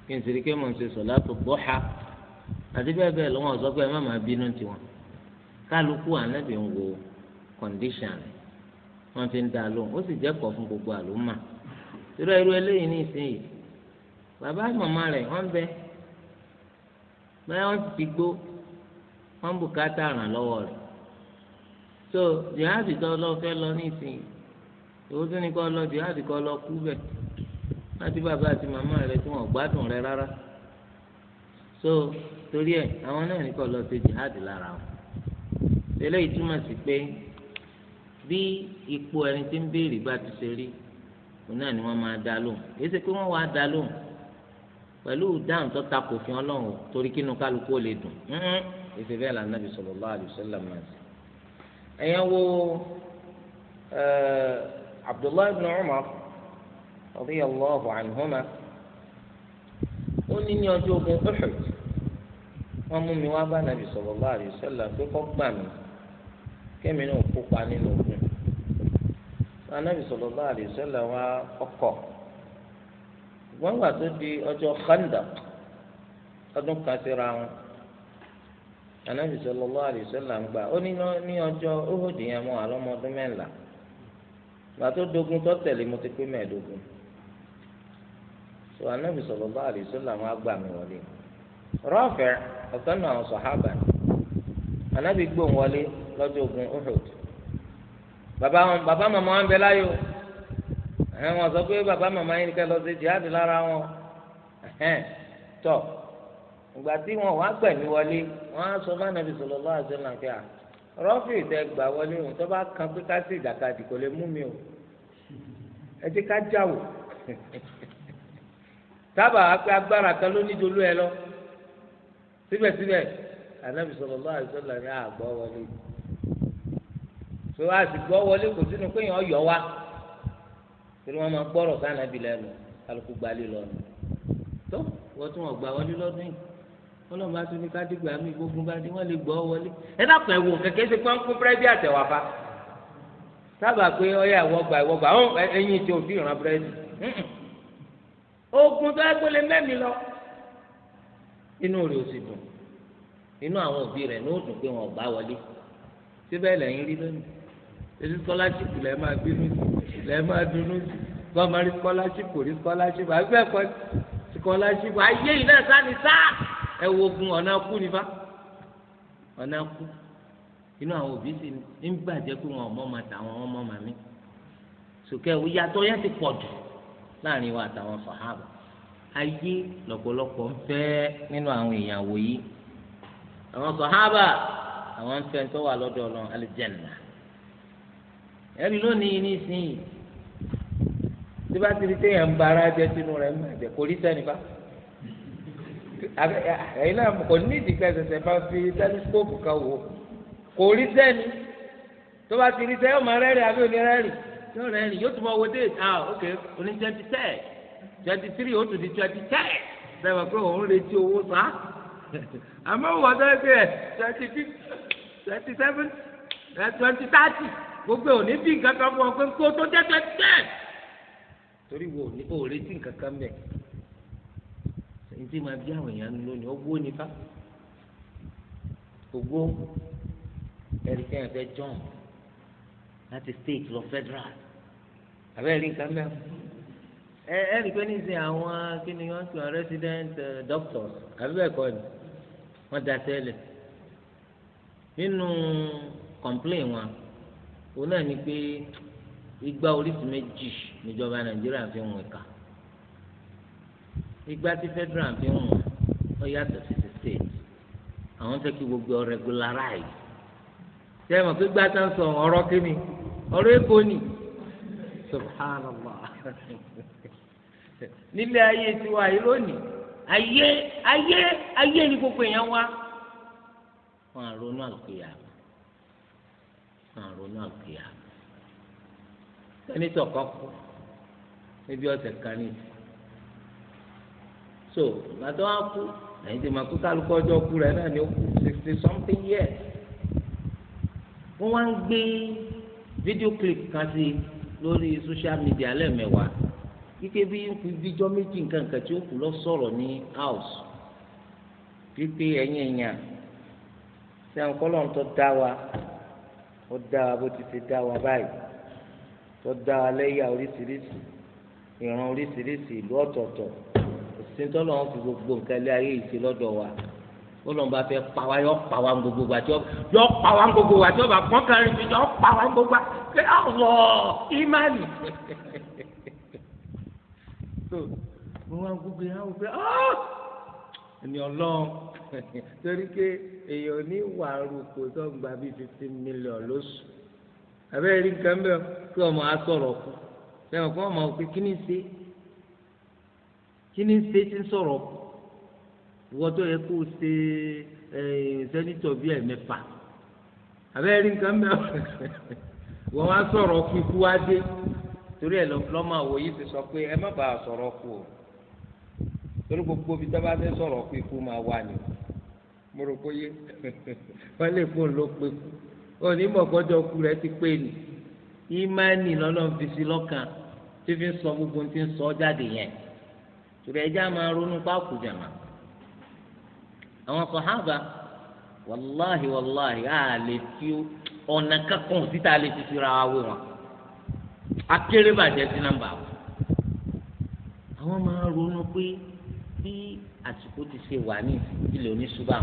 kí n sì rí kí mò ń ṣe sọ̀látù dúhà àti bẹ́ẹ̀ bẹ́ẹ̀ lọ́wọ́ sọ pé ẹ bínú tiwọn. kálukú ànábì ń wo condition wọn fi ń dá lóhùn ó sì jẹ́kọ̀ọ́ fún gbogbo àlùmà irú irú eléyìí ní bàbá màmá rẹ̀ wọ́n bẹ bẹ́ẹ̀ wọ́n ti gbó wọ́n bùkátà ràn lọ́wọ́ rẹ̀ so jihadi tó lọ fẹ́ lọ ní ìsinyìí èwo tó kọ́ lọ jihadi kọ́ lọ kú bẹ̀ láti bàbá àti màmá tí gbádùn eléyìí túmọ̀ sí pé bí ipò ẹni tí ń béèrè bá ti ṣe rí òun náà ni wọ́n máa dá lóhùn kì í ṣe pé wọ́n wàá dá lóhùn pẹ̀lú dáhùn tó ta kò fi ọlọ́run torí kínú kálukú ó lè dùn ìfẹ́ bẹ́ẹ̀ la nàbì sallallahu alaihi wasallam máa ṣe. ẹ̀yẹ́ wo eh, Abdullahi ibn Umar radiyallahu anhuma ó ní ní ọjọ́ ogun Uhud wọ́n mú mi wá bá nàbì sallallahu alaihi wasallam pé kọ́ gbà mí kémi náà kópa nínú ogun anabi sallallahu alaihi wasallam wa ọkọ wọn gbà tó di ọjọ́ Khandaq ọdún kan síra wọn anabi sallallahu alaihi wasallam gbà ó ní ní ọjọ́ Uhud yẹn mọ àlọmọdún mẹ́la gbà tó dogun tó tẹ̀lé mo ti pé mẹ́ẹ̀ẹ́dógún so anabi sallallahu alaihi wasallam wa gbà mí wọlé Rafi' ọ̀kan náà sọhábà anabi gbóhùn wọlé lọ́jọ́ ogun Uhud bàbá wọn bàbá màmá wọn bẹ láyò ẹ̀hẹ́n wọn sọ pé bàbá màmá yín kẹ́ lọ sí jihad lára wọn ẹ̀hẹ́n tọ̀ ìgbà tí wọn wá gbẹ̀mí wọlé wọn á sọ fún Ànábì sallallahu alaihi wasallam à rọ́fì tẹ gbà wọlé òun tó bá kan pé ká sí ìjàkadì kò lè mú mi o ẹ ti ká jáwò tábà pé agbára kan ló nídolú ẹ lọ síbẹ̀síbẹ̀ Ànábì sallallahu alaihi wasallam àgbọ̀ wọlé pé wá àsìkò ọwọlé kò sínú pé yàn yọ wá pé wọn máa gbọ́rọ̀ sáànà bí lẹ́nu kálukú gbalẹ lọ́nu tó wọn tún wọn gbà wọlé lọ́dún yìí wọn lọ máa tún ní kádìgbà mí gbógun bá dé wọn lè gbọ́ wọlé ẹ dàpọ̀ ẹ̀wò kẹ̀kẹ́ ṣe pé ń kún búrẹ́dì àtẹ̀wà fa sábà pé ọyà ìwọgbà ìwọgbà ó ẹyin tí òfin ìran búrẹ́dì ogun tó ẹgbẹ́lẹ́ mẹ́mi lọ inú rẹ̀ ò sì dùn inú àwọn òbí rẹ̀ ní ó dùn pé wọn ò wọlé síbẹ̀ lẹ́yìn rí lónìí èdè scholarship lẹ́ẹ̀ máa bínú lẹ́ẹ̀ máa dunú gbọ́n máa rí scholarship kò rí scholarship àbí ẹ̀kọ́ scholarship ayé yìí náà sáni sá ẹ wo ogun ọ̀nà kú ni bá ọ̀nà kú inú àwọn òbí sì ń gbàjẹ́ pé wọn ọmọ màtà àwọn ọmọ màmí sòkè ìyàtọ̀ yẹn ti pọ̀ jù láàrin wa àtàwọn sàhábà ayé lọ́pọ̀lọpọ̀ ń fẹ́ nínú àwọn èèyàn wòyí àwọn sàhábà àwọn ń fẹ́ ń tọ́wà lọ́dọ̀ ọlọ́run alìjẹ́nà ẹ̀rí lónìí ní ìsinyìí tí bá ti di téèyàn ń bara jẹ sínú rẹ̀ mọ̀ ẹ̀jẹ̀ kò rí sẹ́ni bá ẹ̀yin náà kò ní ìdìgbà ẹ̀sẹ̀sẹ̀ bá fi tẹlifíṣọ́pù kan wò kò rí sẹ́ni tó bá ti rí sẹ́ni ọmọ rẹ́rìn àbí onírẹ́rìn yóò rẹ́rìn yóò tún mọ owó dé ah ok oní twenty ten twenty three ó tún di twenty ten sẹ́wọ̀n pé òun retí owó sá àmọ́ wọ́n sọ pé twenty six, twenty seven eh, twenty thirty gbogbo òní bí nǹkan kan fún ọ pé kó tó jẹ́ pẹ́pẹ́ torí wo òní ò retí nǹkan kan bẹ̀ ẹni tí máa bí àwọn èèyàn lónìí owó ni bá owó ẹni tí wọ́n fẹ́ jọ̀n láti state lọ federal àbẹ́rẹ́ rí nǹkan bẹ́ẹ̀ ẹ ẹ rí pé nísìnyí àwọn kí ni wọ́n ń pè resident eh, doctors àbí bẹ́ẹ̀ kọ́ ni wọ́n da tẹ́lẹ̀ nínú complain wọn òun náà ni pé igba oríṣi méjì níjọba nàìjíríà fi ń wọn kà igba tí federal fi ń wọn ó yàtọ̀ sí ti state àwọn fẹ́ kí gbogbo ọ regularize ṣé ẹ mọ̀ pé gbá tá ń sọ ọ̀rọ̀ kíni ọ̀rọ̀ èkó ni subhanallah nílé ayé tiwa yìí lónìí ayé ayé ayé ni gbogbo èèyàn wá wọn àrònú àlùkò yàrá àrùn náà kìá sẹ́nitọ̀ kan níbi ọ̀sẹ̀ kan ní ìsìn so gbàtọ́ wa kú lẹ́yìn tí ma kú kálukú ọjọ́ kú rẹ̀ náà ni ó kú sixty something years wọ́n wá ń gbé fídíò clip kan sí lórí social media lẹ́ẹ̀mẹ́wàá kíkẹ́ bí bíjọ́ méjì nǹkan kan tí ó kù lọ sọ̀rọ̀ ní house pípé ẹ̀yìn ẹ̀yàn ṣé àwọn kọ́lọ́n tó dá wa ó dá wa bó ti ṣe dá wa báyìí tó dá wa lẹ́yà oríṣiríṣi ìran oríṣiríṣi ìlú ọ̀tọ̀ọ̀tọ̀ òsín tọ́lọ̀ wọn fi gbogbo nǹkan ilé ayé yìí ṣe lọ́dọ̀ wa ó lọ́n bá fẹ́ pa wá yọ pa wá gbogbo wa tí yọ pa wá gbogbo wa tí ọba kàn kan rí yọ pa wá gbogbo wa pé ọ̀rọ̀ ìmáàlì. mo wá gbogbo yẹn á wò pé ọ́ọ́. Ah! ni ọlọ́run torí pé èèyàn ní wàrú kò tó ń gba bíi fifteen million lóṣù abẹ́rẹ́ rí nǹkan bẹ́ẹ̀ kí ọmọ asọ̀rọ̀ kù lẹ́yìn kí ọmọ òkè kí ni ṣe kí ni ṣe ti ń sọ̀rọ̀ kù wọ́n tó yẹ kó ṣe sẹ́nitọ̀ bíi ẹ̀mẹ́fà abẹ́rẹ́ rí nǹkan bẹ́ẹ̀ wọ́n wá sọ̀rọ̀ kú ikú wá dé torí ẹ̀ lọ́mọ àwòyí ti sọ pé ẹ má bàa sọ̀rọ̀ kù o. torí gbogbo bí sábà fẹ́ sọ̀rọ̀ pé kú máa wà ní mo rò pé yé wọ́n lè fóun ló pé kú onímọ̀ gbọ́dọ̀ ku ti pé ni ìmánì lọ́nà sọ gbogbo tí ń sọ jáde yẹn torí ẹja máa ronú pákó jàmá àwọn wàláhì wàláhì á lè fi ọ̀nà kankan síta lè fi wa wé wọn bàjẹ́ sí nàmbà àwọn bí àsìkò ti ṣe wà ní ilẹ̀ oníṣubá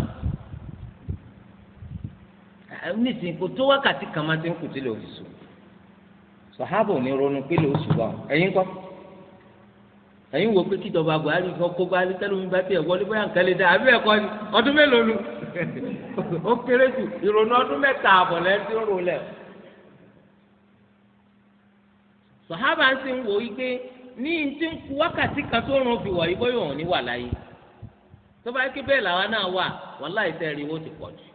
nísìnyí kò tó wákàtí kan máa ti ń kù tí lè fi sùn sọ̀hábà ò ní ronú pé lè oṣù bá ẹ̀yin kọ́ ẹ̀yin wo pé kíjọba Buhari kan kó bá tẹ́lómi bá tiẹ̀ wọlé bóyá nǹkan lè dá àbí ẹ̀kọ́ ni ọdún mélòó nu ó kéré jù ìrònú ọdún mẹ́ta àbọ̀ lẹ́yìn tí ó lẹ̀ sọ̀hábà ń sìn wò yí pé ní ti ń ku wákàtí kan tó rún fi wọ̀nyí bóyá òun ní wà láyé tó bá ké bẹ́ẹ̀ làwa náà wà wọn láì tẹ́ ẹ̀rí owó ti pọ̀ jù.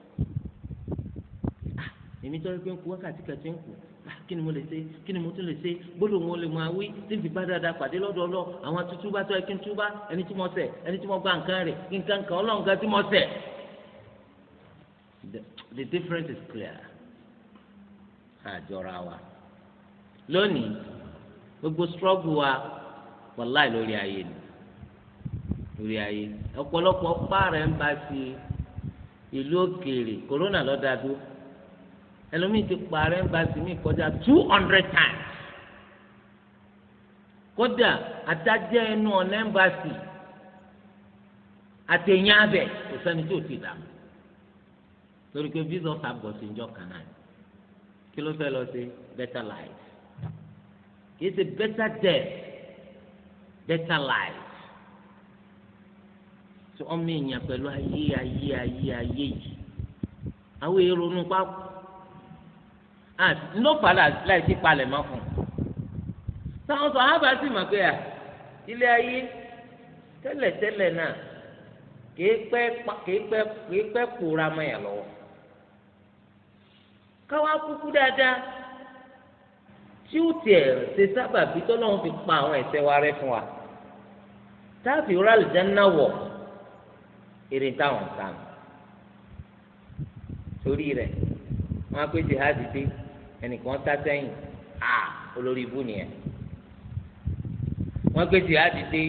Ah, èmi tó ń ku wákàtí kan ti ń kù ah, kí ni mo lè ṣe kí ni mo tún lè ṣe gbọ́dọ̀ mo lè máa wí tí n fi bá dáadáa pàdé lọ́dọ̀ ọlọ́ àwọn tuntun bá tọ́ ẹ kí n tún ẹni tí mo ṣẹ̀ ẹni tí mo gba nǹkan rẹ̀ kí nǹkan kan ọlọ́run tí mo ṣẹ̀. the difference is clear. àjọra wa lónìí gbogbo struggle wa wàláì lórí ayé ni lórí ayé ọ̀pọ̀lọpọ̀ pààrọ̀ ń bá sí ìlú òkèèrè corona lọ́dà dúró ẹlòmíì ti pààrọ̀ ń bá sí mi kọjá two hundred times kódà adájẹ́ ẹnu ọ̀nà ẹ̀mbàsì àtẹ̀yìn abẹ kò sẹ́ni tó ti dààmú torí pé visa ọ̀sà bọ̀ sí ìjọ kan náà kí ló fẹ́ lọ sí better life it's a better death better life so ọmọ èèyàn pẹ̀lú ayé ayé ayé ayé yìí àwọn èrò inú pápá ah, ńlọ́pàá láì sí palẹ̀ mọ́ fún un táwọn sọ sì pé à ah, ilé ayé náà pẹ́ pẹ́ pẹ́ yà lọ́wọ́ káwá kúkú dáadáa. tí ó tiẹ̀ ṣe sábàbí tọ́lọ́run fi pa àwọn ẹ̀ṣẹ̀ wa rẹ́ fún wa táàfì rálì jáná wọ̀ èrè táwọn sàn torí rẹ̀ wọ́n á pé jihadi dé ẹnìkan tá sẹ́yìn à olórí ibú nìyẹn wọ́n pé jihadi dé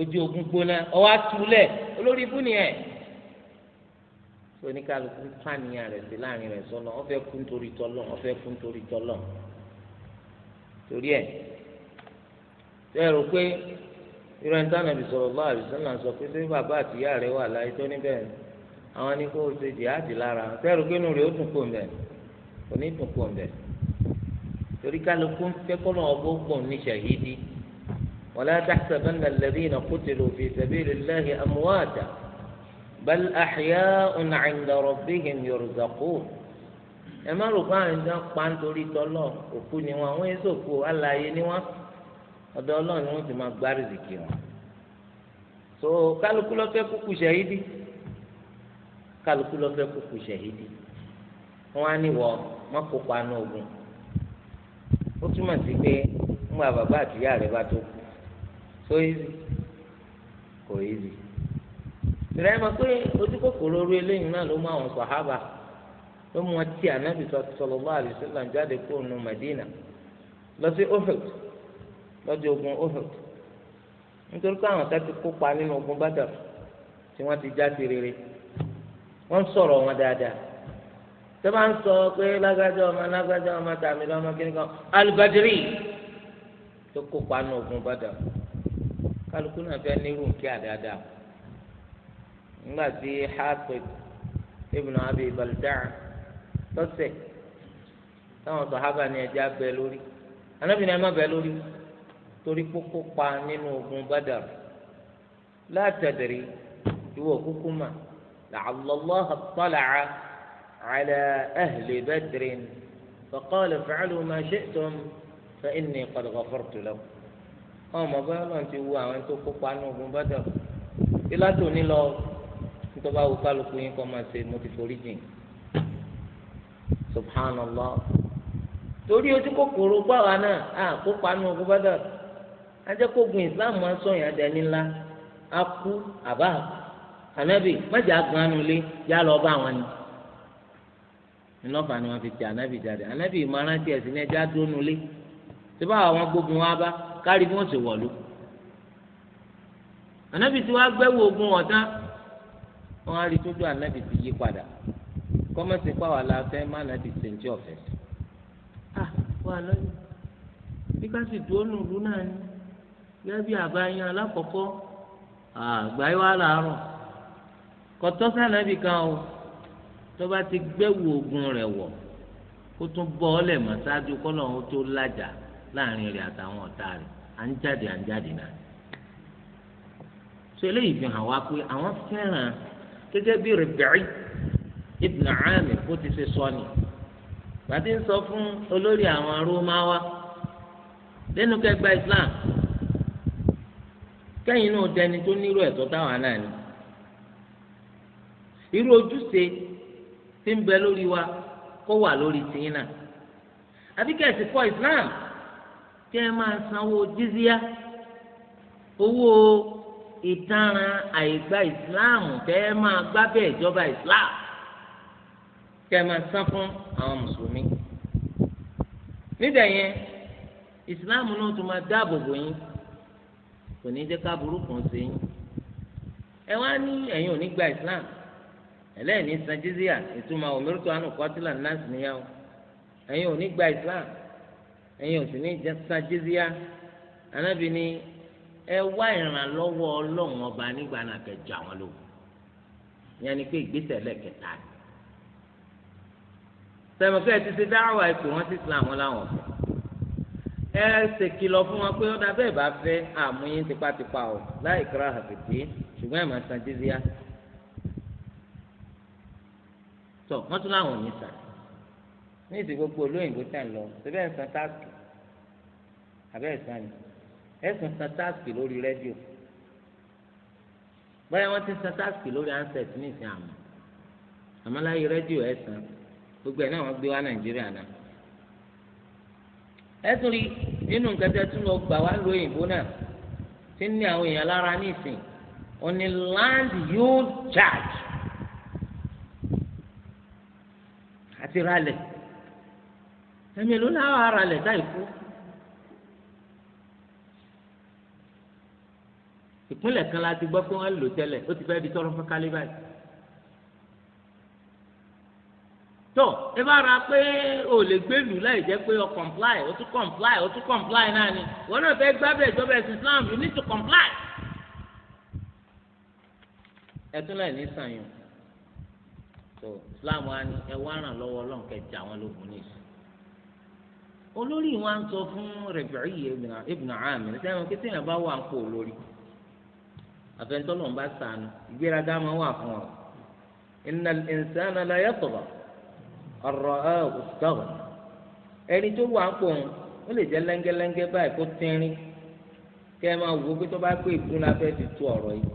ojú ogun gbóná ọwọ́ àtúlẹ̀ olórí ibú nìyẹn oníkàlùkù pàníyàn rẹ̀ sí láàrin rẹ̀ sọ́nà ọ̀fẹ́ kú nítorí tọ́lọ́ ọ̀fẹ́ kú nítorí tọ́lọ́ torí ẹ̀ bẹ́ẹ̀ rò pé irú ẹni tánà bisọ̀rọ̀ sallallahu alaihi wasallam sọ pé bí bàbá àti àtìyá rẹ̀ wà láyé tó níbẹ̀ àwọn ni kó o ṣe jìhádì lára bẹ́ẹ̀ rò pé inú rẹ̀ ó dùn kó ń bẹ̀ kò ní dùn kó ń bẹ̀ torí kálukú ń fẹ́ kọ́ náà ọgbó gbòm ní ṣàhídì wala tahsabanna alladhina qutilu fi sabilillahi amwata bal ahya'un 'inda rabbihim yurzaqun ẹ má rò fún àwọn ènìyàn pa nítorí tọ́lọ̀ òkú ni wọn àwọn èso òkú alààyè ni wọn ọ̀dọ̀ ọlọ́run ni wọ́n ti máa gbá rìzìkì wọn. so kálukú lọ fẹ́ kúkú ṣẹ̀hídì kálukú lọ fẹ́ kúkú ṣẹ̀hídì wọ́n á ní wọ má kópa ní ogun ó túmọ̀ sí pé ńgbà bàbá àtìyá rẹ̀ bá tó kú so easy kò easy. ìrẹ́ mọ̀ pé ojú kòkòrò orí eléyìí náà ló mú àwọn sàhábà. So ló mú wọn tí anabi sallallahu alaihi wasallam jáde kúrò nù Madina lọ sí Uhud ogun Uhud nítorí pé àwọn kópa nínú ogun tí wọ́n ti já rere wọ́n sọ̀rọ̀ wọn dáadáa tó bá sọ pé lágbájá ọmọ lágbájá ọmọ tàmí lọ́mọ kí ni kan alùbádìrì tó kópa nínú ogun Badr kálukú náà fẹ́ nírú nkí àdáadáa nígbà ibn lọ́sẹ̀ táwọn sọ̀hábà ni ẹ̀jẹ̀ abẹ lórí anábìnrin ẹ̀ má bẹ lórí torí kókó pa nínú ogun bàdà látàdìrí ìwọ kúkú mà làlọ́lọ́hà tọ́làá على أهل بدر فقال فعلوا ما شئتم فإني قد غفرت لكم àwọn ọmọ bá lọ́n ti wo àwọn tó kópa ní ogun bàdà bí látòní lọ nítorí bá kálukú yín kọ́ máa ṣe mo subhanallah torí ojú kòkòrò gbáwa náà a kó panu ogun bá dàrú ajẹ́kọ̀ọ́gùn islam máa ń sọ̀yìn adẹni ńlá akú àbá ànábì májà aganu lé yá lọ bá wọn ni ńlọ́fà ni wọ́n fi ti ànábì jáde ànábì ìmọ̀ràn tiẹ̀ sí ní ẹja dónú lé tí báwa wọn gbógun wá bá kárí bí wọ́n ṣe wọ̀lú ànábì tí wọ́n gbẹ́wò ogun ọ̀tá wọ́n á rí tójú ànábì ti yí padà kọ́mọ̀sì pàwọ́ aláfẹ́ má nàbì sèǹtì ọ̀fẹ́. ah wà lọ́yìn bí ká sì dúró nù lú náà ni gẹ́gẹ́ bí àbá yẹn alákọ̀ọ́kọ́ àgbà yìí wà láàárọ̀ kọ́tọ́ sànàbì kan o tó bá ti gbẹ́wò ogun rẹ̀ wọ̀ kó tún bọ́ ọ lẹ̀ mọ́ ṣáájú kọ́nà ó tó lájà láàrin rẹ̀ àtàwọn ọ̀tá rẹ̀ à ń jáde à ń jáde náà so eléyìí fi hàn wá pé àwọn fẹ́ràn gẹ́gẹ́ bí rẹ̀ bẹ̀rẹ̀ ibn amir bó ti ṣe sọ ni gbàtí ń sọ fún olórí àwọn rómáwá nínú kẹgbà islam kẹyìn náà dẹni tó nírú ẹ̀tọ́ táwọn náà ni irú ojúṣe tí ń bẹ lórí wa kó wà lórí tìyín náà àbí kẹsì kọ islam kẹ ẹ máa sanwó jizíyá owó ìtanràn àìgbà islam kẹ ẹ máa gbábẹ́ ìjọba islam. kẹ́ máa san fún àwọn mùsùlùmí níbẹ̀ yẹn ìsìláàmù náà tún máa dáàbò bò yín kò ní jẹ́ ká burúkú ṣe yín ẹ wá ní ẹ̀yin ò ní gba islam ẹlẹ́ẹ̀ni san jizíà ìtumọ̀ òmìrútó àánú kọ́tílà náàsì níyàwó ẹ̀yin ò ní gba islam ẹ̀yin ò sì ní san jizíà anábì ni ẹ wá ìrànlọ́wọ́ ọlọ́run ọba nígbà náà kẹjọ àwọn lò yẹn ni pé ìgbésẹ̀ lẹ́kẹta ni sẹ́mi kẹ́ ẹ ti ṣe dáhùn àìpè wọ́n sí Islam láwọn ọ̀fẹ́ ẹ ṣe kìlọ̀ fún wọn pé ọ̀dà bẹ́ẹ̀ bá fẹ́ àmúyín tipátipá o láì kíra àfìdí ṣùgbọ́n ẹ̀ máa san jizíyá tọ wọ́n tún láwọn ò ní sàn ní ìsìn gbogbo olóyìnbó tẹ̀ ń lọ síbẹ̀ ń san táàkì abẹ́ ẹ̀sán ni ẹ̀sùn san táàkì lórí rédíò báyọ̀ wọ́n ti san táàkì lórí ansẹ̀t ní ìsìn àmọ́ àmọ́ láyé rédíò ẹ̀sán gbogbo ẹ̀ náà wọ́n gbé wá nàìjíríà náà ẹtùn rí nínú nǹkan tẹ tún lọ gbà wá lóyè ìbò náà tí ní àwọn èèyàn lára nísìn òní land yóò charge àti ralẹ̀ ẹ̀mí ló láwọn ara lẹ̀ táì kú ìpínlẹ̀ kan la ti gbọ́ pé wọ́n lò tẹ́lẹ̀ ó ti fẹ́ di tọ́rọ́ kálí báyìí. tó ẹ bá ra pé o lè gbèlú láì jẹ́ pé o comply o tún comply o tún comply náà ni wọn náà fẹ́ gbábẹ́ ìjọba ẹ̀sìn Islam you need to comply. ẹ tún láì ní sàn yìí tó Islam wa ni ẹ wá ràn lọ́wọ́ ọlọ́run kẹjà wọn lógun ní ìsìn olórí wa ń sọ fún Rabi'i ibn Amir sẹ́wọ̀n kí sẹ́yìn bá wà ń kó olórí àfẹnutọ́lọ́n sànù ìgbéraga máa wà fún ọ innal insana la yatgha ọ̀rọ̀ ẹ̀ òsítọ́ọ̀ ẹni tó wà pọ̀ ó lè jẹ́ lẹ́ngẹ́lẹ́ngẹ́ báyìí kó tínrín kẹ́ ẹ máa wò ó pé tó bá pé ìkún la fẹ́ ti tu ọ̀rọ̀ yìí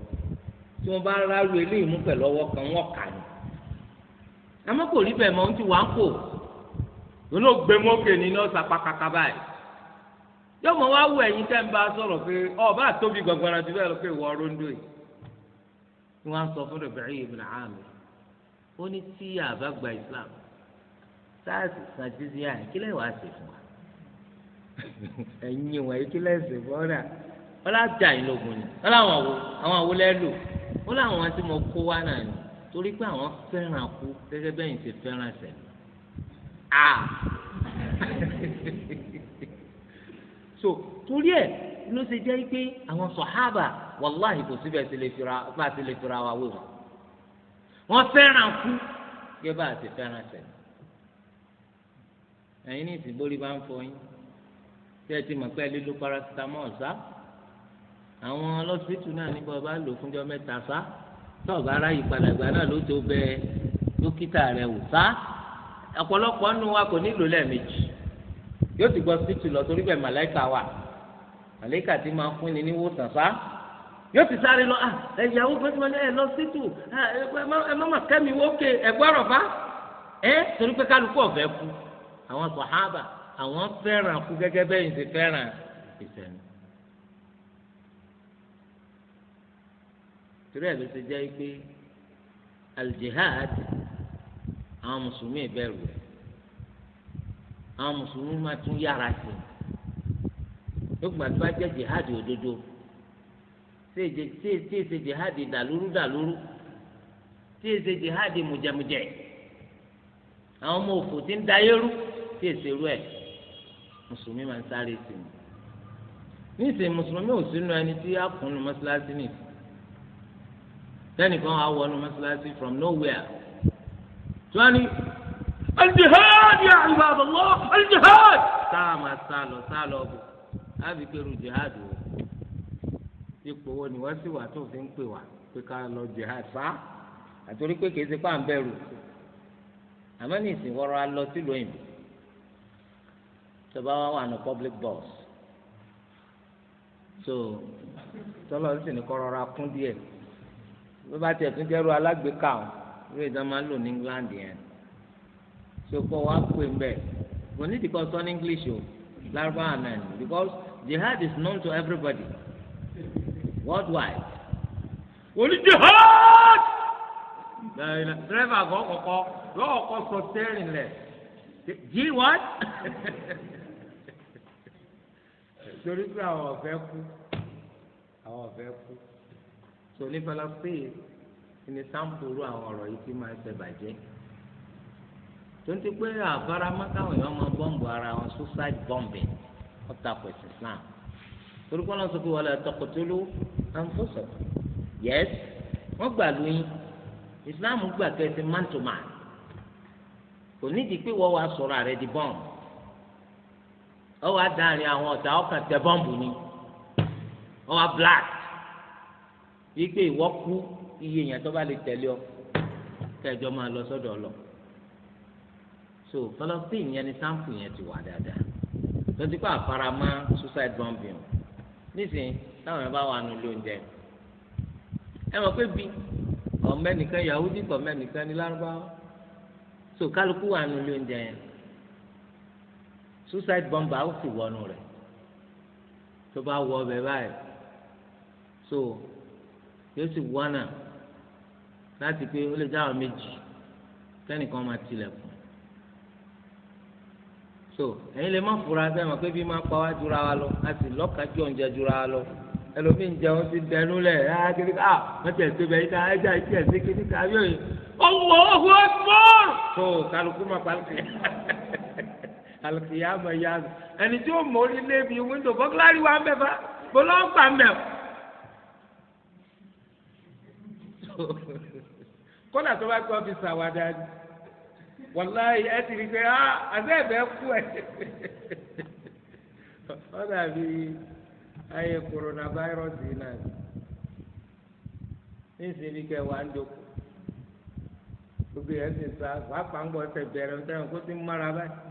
tí wọ́n bá rálu eléyìí mú pẹ̀lú ọwọ́ kan wọ́n kà ní. àmọ́ kò rí bẹ́ẹ̀ mọ́ ohun tí wà pọ̀ olóògbé mọ́kè ní náà sapá kaka báyìí yóò mọ wá wù ẹ̀yin tẹ́ ń bá sọ̀rọ̀ pé ọba àtóbi gbọ̀ngbọ̀n àti bẹ́ẹ̀ lọ pé ìwọ ọ̀rọ̀ ń dò yìí ni wọ́n á sọ fún Rabi'i ibn Amir ó ní tí àbá gba Islam sáàsì san jíjí à ìkílẹ̀ wàá ṣe fún wa ẹ̀yin wọ̀nyí ìkílẹ̀ ṣe fún wọ́n lá jà yín lógun ni wọ́n láwọn àwo àwọn àwo lẹ́lò wọ́n láwọn tí mo kó wá náà ni torí pé àwọn fẹ́ràn kú gẹ́gẹ́ bẹ́yìn ṣe fẹ́ràn ṣẹ̀ à so torí ẹ̀ ló ṣe jẹ́ pé àwọn sọ̀hábà wàláhì kò síbẹ̀ sí lè fira bá a ti lè fira wa wé wọ́n fẹ́ràn kú gẹ́gẹ́ bá a ti fẹ́ràn ṣẹ̀ ẹ̀yin ní ìsìn bórí bá ń fọ yín tí ẹ ti mọ̀ pé lílo paracetamol sá àwọn ọlọ́sibítù náà níbo bá lò fúnjọ́ mẹ́ta sá tó ọ̀gá ara yìí padà gbà náà ló tó bẹ dókítà rẹ̀ wò sá ọ̀pọ̀lọpọ̀ nù wa kò nílò lẹ́ẹ̀mejì yóò ti gbọ́ síbítù lọ torí bẹ́ẹ̀ màláìka wà màláìka ti máa fún ni níwòsàn sá yóò ti sáré lọ ẹ̀yàwó gbẹ́sìmọ́lẹ́ ẹ̀ lọ síbítù ẹ̀ má mà kẹ́mi wókè ẹ̀gbọ́rọ̀ bá ẹ̀ torí pé kálukú ọ̀fẹ́ kú àwọn sàhábà àwọn fẹ́ràn kú gẹ́gẹ́ bẹ́yìn ti fẹ́ràn ìsẹ̀mí. torí ẹ̀ ló ti jẹ́ pé aljihad àwọn mùsùlùmí bẹ̀rù rẹ̀ àwọn mùsùlùmí máa tún yára sí i lókùnbà tó bá jẹ́ jihad òdodo tí èsè jihad dàlúrú dàlúrú tí èsè jihad mùjẹmùjẹ àwọn ọmọ òfò ti ń da yẹrú tí èsì irú ẹ̀ mùsùlùmí máa ń sáré sí i nísìnyí mùsùlùmí ò sínú ẹni tí á kún nu mọ́ṣáláṣí nì tẹ́nìkan á wọnú mọ́ṣáláṣí from nowhere tí wọ́n ní al-jihad ya ibadallah al-jihad sáà máa sá lọ sá lọ bò á fi pẹ̀lú jihad o ipò wo ni wọ́n sì wà tó fi ń pè wá pé jihad fa àtòrí pé kìí ṣe pàǹbẹ̀rù àmọ́ ní ìsìn wọ́rọ̀ á lọ sílùú òyìnbó tọba wa wà ní public bus so tọlọ sì ní kọrọra kún díẹ̀ bí bá tiẹ̀ tún jẹ́rú alágbèéká o ìwé ìdán máa ń lò ní England yẹn so kọ́ wa pè ń bẹ̀ kò ní ìdíkọ́ sọ ní English o Lárúbáwá náà because jihad is known to everybody worldwide oní jihad dírẹ́fà kọ́ kọ́kọ́ lọ́wọ́ kọ́ sọ tẹ́rìn lẹ̀ jihad. torí pé àwọn ọ̀fẹ́ kú àwọn ọ̀fẹ́ kú tó ní Palestine ní sáǹpùrù àwọn ọ̀rọ̀ yìí ti máa ṣe bàjẹ́ tó ń ti pé àfaramọ́ káwọn èèyàn máa bọ́ǹbù ara wọn suicide bombing ọ̀tà pẹ̀sì Islam torí pé wọ́n sọ pé wọ́n lọ tọkọtolo àǹfọ̀sọ̀ yẹ́s wọ́n gbà lóyún Islam gbà kẹsì man to man kò nídìí pé wọ́n wá sọ̀rọ̀ àrẹ di bọ́ǹbù ọ wá dáàrin àwọn ọ̀tá ọkàn tẹ bọ́ǹbù ni ọ black wípé ìwọ kú iye yẹn tó bá lè tẹ̀lé ọ kẹjọ máa lọ sọ́dọ̀ ọlọ so Palestine yẹn ni sample yẹn ti wà dáadáa lọ́tí pé àfaramá suicide bombing nísìnyí táwọn yẹn bá wà nù lóúnjẹ ẹ mọ̀ pé bí ọ̀mẹ́nìkan Yahudi kọ̀ọ̀mẹ́nìkan ní lárúbáwá so kálukú wà nù lóúnjẹ yẹn suicide bomber ó sì wọnú rẹ̀ tó bá wọ ọbẹ̀ báyìí so yóò sì wọnà láti pé ó lè já àwọn méjì kẹ́nìkan máa tilẹ̀kùn so ẹ̀yin lè má fura bẹ́ẹ̀ mọ̀ pé bí máa pa wá jura wa lọ a sì lọ́kàájú oúnjẹ jura wa lọ ẹlòmíì ń jẹun ti dẹnu lẹ̀ ẹ́ kíni ká mẹ́tẹ̀ ah, ṣe bẹ́ẹ̀ ká ẹ́ jà ìṣe ẹ̀ṣẹ́ kíni ká yóò yẹ ọwọ́ ọwọ́ ẹ̀fọ́. so kálukú máa pa á lókè. alùkìyàmọ̀ ya lò ẹni tí ó mórí lébi wíńdò bọ́gláàrí wa ń bẹ̀ bá bọ́lá ń gbà mẹ́ o. kọ́nà tó bá gbọ́ fi sàwádà ni wàláyé ẹ ti rí pé á ah, àti ẹ̀bẹ̀ kú ẹ̀ ọ dàbí ayé kòrónàfáírọ́ọ̀sì náà ní ìsinmi kẹ wà ń dòkú gbogbo yẹn ti sá wàá pàǹgbọ̀ ọ̀sẹ̀ bẹ̀rẹ̀ ọ̀sẹ̀ kó ti ń mọ́ra báyìí.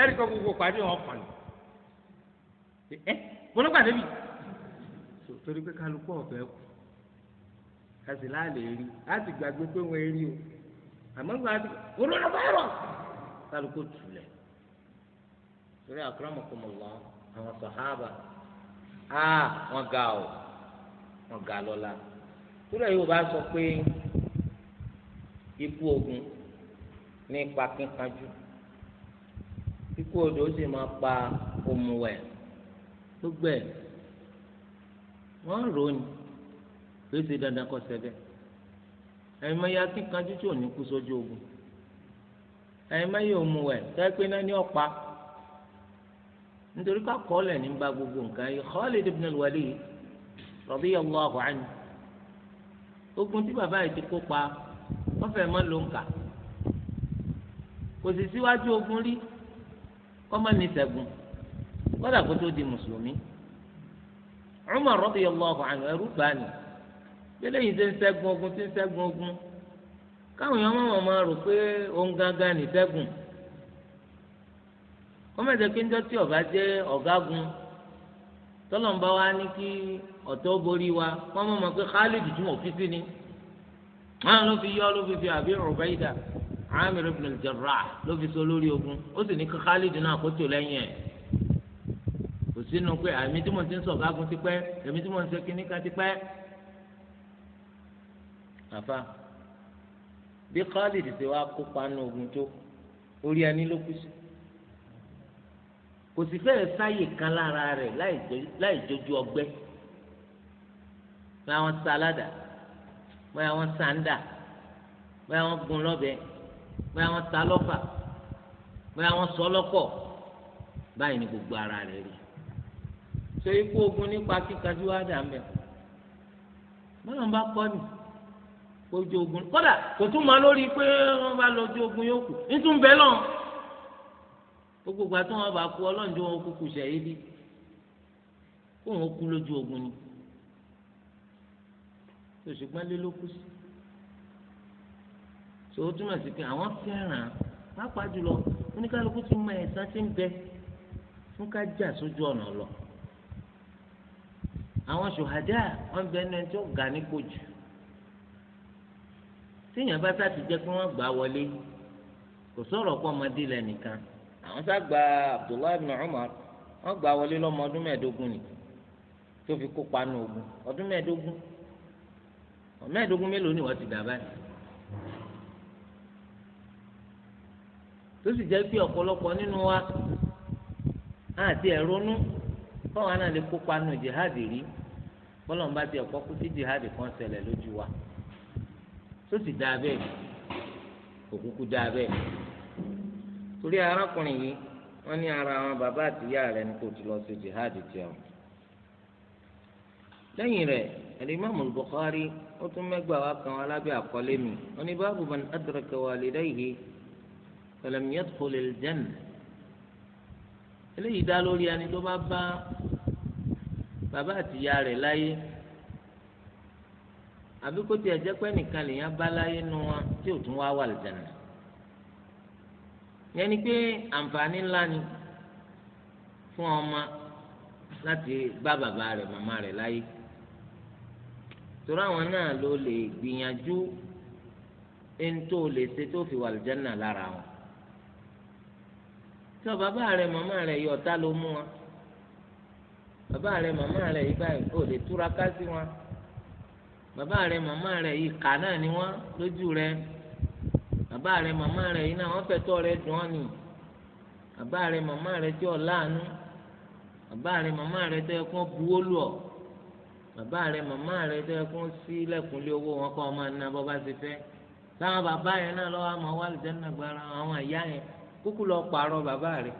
ẹ̀rí kọ́ gbogbo pàdé wọn kàn ní. ẹ bọ́lọ́gbà débi. torí pé kálukú ọ̀fẹ́ kù kásì láàlè rí láti gbàgbé pé wọ́n rí o àmọ́ gba àti olórí fáírọ̀ kálukú tulẹ̀. torí àkàràmọ̀kọ̀mọ̀lá àwọn sàhábà á wọ́n ga o wọ́n ga lọ́la. torí ẹ̀ yóò bá sọ pé ikú ogun nípa kíkanjú ikú odò ó sì máa pa òmùwẹ̀ gbogbo ẹ̀ wọ́n rò ó ní ló ṣe dandan kọ́ sẹ́bẹ̀ ẹ̀yin máa ya kíkanjú tí ò kú sójú ogun ẹ̀yin máa yẹ òmùwẹ̀ tẹ́ náà ní ọ̀pá nítorí ká kọ́lẹ̀ ní bá gbogbo nǹkan yìí Khalid ibn al-Walid radiyallahu anhu ogun tí bàbá yìí ti kópa wọ́n fẹ́ mọ́ ló ń kà kò sì síwájú ogun rí kọ́mọ ní sẹ́gun kọ́dà kó tó di mùsùlùmí Umar radiyallahu anhu ẹrú bá ní gbélé yìí ti ń sẹ́gun ogun ti ń sẹ́gun ogun káwọn èèyàn máa máa rò pé òun gangan ní sẹ́gun kọ́mọ ẹ̀jẹ̀ pé njọ́ tí ọ̀gá jẹ́ ọ̀gágun tọ́lọ́mbà wa ní kí ọ̀tọ́ borí wa wọ́n mọ̀ pé Khalid tún òfin ni wọ́n ló fi yọ́ ló amir ibn al-jarrah ló fi so lórí ogun ó sì ní Khalid náà kó tó lẹ́yìn ẹ̀ kò sínú pé àmì tí mo ti ń sọ ọ̀gágun ti pẹ́ èmi tí mo ń ṣe kínní kan ti pẹ́. àfa bí Khalid ṣe wá kópa nínú ogun tó orí ẹni ló kù sí kò sì fẹ́ẹ̀ sáyè kan lára rẹ̀ láì jójú ọgbẹ́ báyà wọ́n sa aládàá báyà wọ́n sa ń dà báyà wọ́n gun lọ́bẹ̀ẹ́ bóyá wọ́n ta lọ́fà bóyá wọ́n sọ lọ́kọ̀ báyìí ni gbogbo ara rẹ̀ rí so ikú ogun nípa kíkajú wa dà mẹ́ bọ́lá ń bá kọ́ ni ojú ogun kódà kò tún máa lórí pé wọ́n bá lọ ojú ogun yòókù nítorí bẹ́ẹ̀ lọ́n gbogbo ìgbà tí wọ́n bá kú ọlọ́njọ́ wọn kúkú ṣẹ̀yìn bí kó wọn kú lójú ogun ni ṣùgbọ́n lé ló kú sí. tó o túmọ̀ sí pé àwọn fẹ́ràn pàápàá jùlọ oníkálukú ti mọ ẹ̀sán tí ń bẹ fún ká jà sójú ọ̀nà lọ àwọn ṣòhádà wọn bẹ ẹnu ga nípò jù tíyàn bá sá ti jẹ́ pé wọ́n gbà wọlé kò sọ̀rọ̀ pọ̀ ọmọdé àwọn Abdullahi wọlé ọdún ni mélòó ni ti dà báyìí. tó sì jẹ́ pé ọ̀pọ̀lọpọ̀ nínú wa àti ẹ̀rọnú fáwọn náà lè kópa nù jihad rí bọ́lọ̀ ń bá ti ọ̀pọ̀ kú sí jihad kan ṣẹlẹ̀ lójú wa tó sì dáa bẹ́ẹ̀ òkúkú dáa bẹ́ẹ̀ torí arákùnrin yìí wọ́n ní ara àwọn bàbá àtìyá rẹ̀ ni kò ti lọ sí jihad tiẹ̀ lẹ́yìn rẹ̀ alimami Bukhari ó tún mẹ́gbàá wa kan alábẹ́ àkọlé mi wọ́n ní báàbù man falam yadkhulil janna eléyìí dá lórí ẹni tó bá bá bàbá àtìyá rẹ̀ láyé àbí kó tiẹ̀ jẹ́ pé nìkan lèèyàn bá láyé nu wọn tí ò tún wá wà lìjànà yẹn ni pé àǹfààní ńlá ni fún ọmọ láti bá bàbá rẹ̀ màmá rẹ̀ láyé torí àwọn náà ló lè gbìyànjú ẹni tó lè ṣe tó fi wà lìjànà lára wọn tí wọn bàbá rẹ màmá rẹ yọ ọ̀tá ló mú wọn bàbá rẹ màmá rẹ yìí báyìí ò lè túra ká sí wọn bàbá rẹ màmá rẹ yìí kà náà ni wọn lójú rẹ bàbá rẹ màmá rẹ yìí náà wọn fẹ̀tọ́ rẹ dùn ọ nì bàbá rẹ màmá rẹ tí ọ láàánú bàbá rẹ màmá rẹ tẹ kó buwó lù ọ bàbá rẹ màmá rẹ tẹ kó ṣílẹ̀kùn lé owó wọn kọ ọmọ ẹnà bọba ṣe fẹ́ táwọn bàbá yẹn náà lọ wà máa wà lìjẹ àwọn ìyá yẹn kúkú lọ pààrọ̀ bàbá rẹ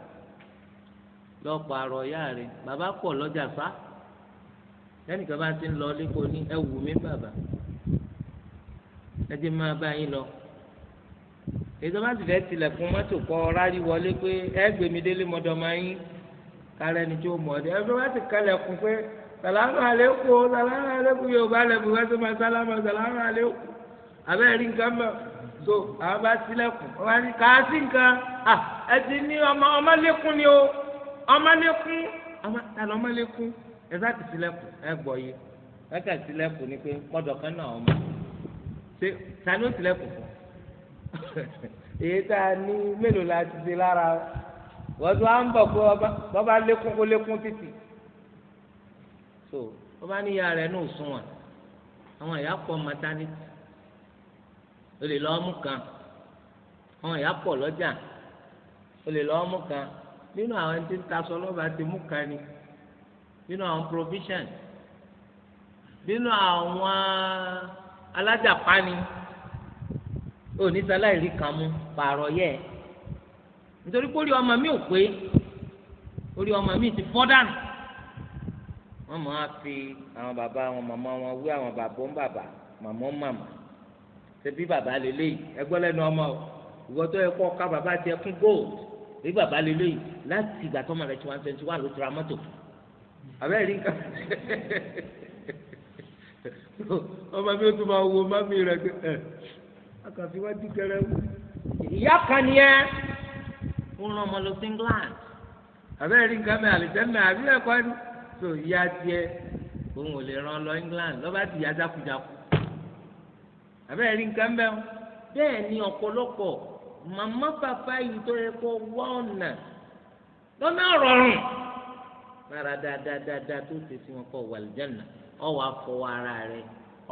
lọ pààrọ̀ ìyá rẹ bàbá pọ̀ lọ́jà sá lẹ́nìkan bá ti ń lọ lẹ́kọ̀ọ́ ní ẹ wù mí bàbá ẹ jẹ́ máa bá yín lọ ètò bá ti fẹ́ tilẹ̀kùn mọ́tò kọ́ rárí wọlé pé ẹ gbèmí délé mọ́dọ́mọ́ yín kárẹ́ ni tí ó mọ̀ ọ́dẹ ẹ tó bá ti kalẹ̀kùn pé sàlámù àlékù sàlámù àlékù yorùbá lẹ́kùn wá sí ma sàlámù sàlámù àlékù abẹ́rẹ́ rí nǹkan mọ̀ so àwọn bá tilẹ̀kùn wọ́n á ní kàá nǹkan. Ah, ti ní ọmọ ọmọlékún ni o ọmọlékún ọmọ tàlọ́ ọmọlékún ẹ sá ti sílẹ̀kùn ẹ gbọ́ yìí ẹ kà sílẹ̀kùn ni pé pọ́dọ̀ kan náà ọmọ ṣe ta ni ó sílẹ̀kùn fún èyí tá a ní mélòó la ti ṣe lára wọ́n tún á ń bọ̀ pé bọ́ba lékún kó lékún títì so wọ́n bá níyà rẹ̀ ní òṣùwọ̀n àwọn ìyá pọ̀ maternity ó lè kan àwọn ìyá pọ̀ lọ́jà o lè lọ́ọ́ mú kan nínú àwọn tí ń taṣọ lọ́ba ti mú kan ni nínú àwọn provision nínú àwọn alájàpáni onísàláìrí kan mú pààrọ̀ yẹ nítorí pé orí ọmọ mi ò pé orí ọmọ mi ti fọ́ dànù wọ́n máa fi àwọn bàbá àwọn màmá wọn wé àwọn bàbá ń bàbá màmá ń màmá ṣe bí bàbá lélẹ́yìí ẹgbẹ́ lẹ́nu ọmọ ìwọ́tọ́ ẹ̀kọ́ ká bàbá tiẹ̀ kún gold èyí bàbá lè lóyìn láti ìgbà tó máa rẹ̀ tí wọ́n twenty one ló tura mọ́tò àbẹ́rẹ́ rí nǹkan ọmọ mi ò tún máa wo mami rẹ̀ ẹ̀ àkàfi wá dúkẹ́rẹ́ wù. ìyá kan ni ẹ ń ran ọmọ lọ sí England àbẹ́rẹ́ rí nǹkan mi àlùjẹ́nà àbí ẹ̀kọ́ ni tó ìyá tiẹ̀ òun ò lè ran lọ England lọ́ba ti ìyá jákujáku àbẹ́rẹ́ rí nǹkan bẹ́ẹ̀ bẹ́ẹ̀ ni ọ̀pọ̀lọpọ̀ màmá Papa, yìí tó yẹ kó wá ọ̀nà lọ́nà rọrùn lára dáadáa tó ṣe sí wọn kọ́ wàlìjánà ọwọ́ afọwọ́ ara rẹ̀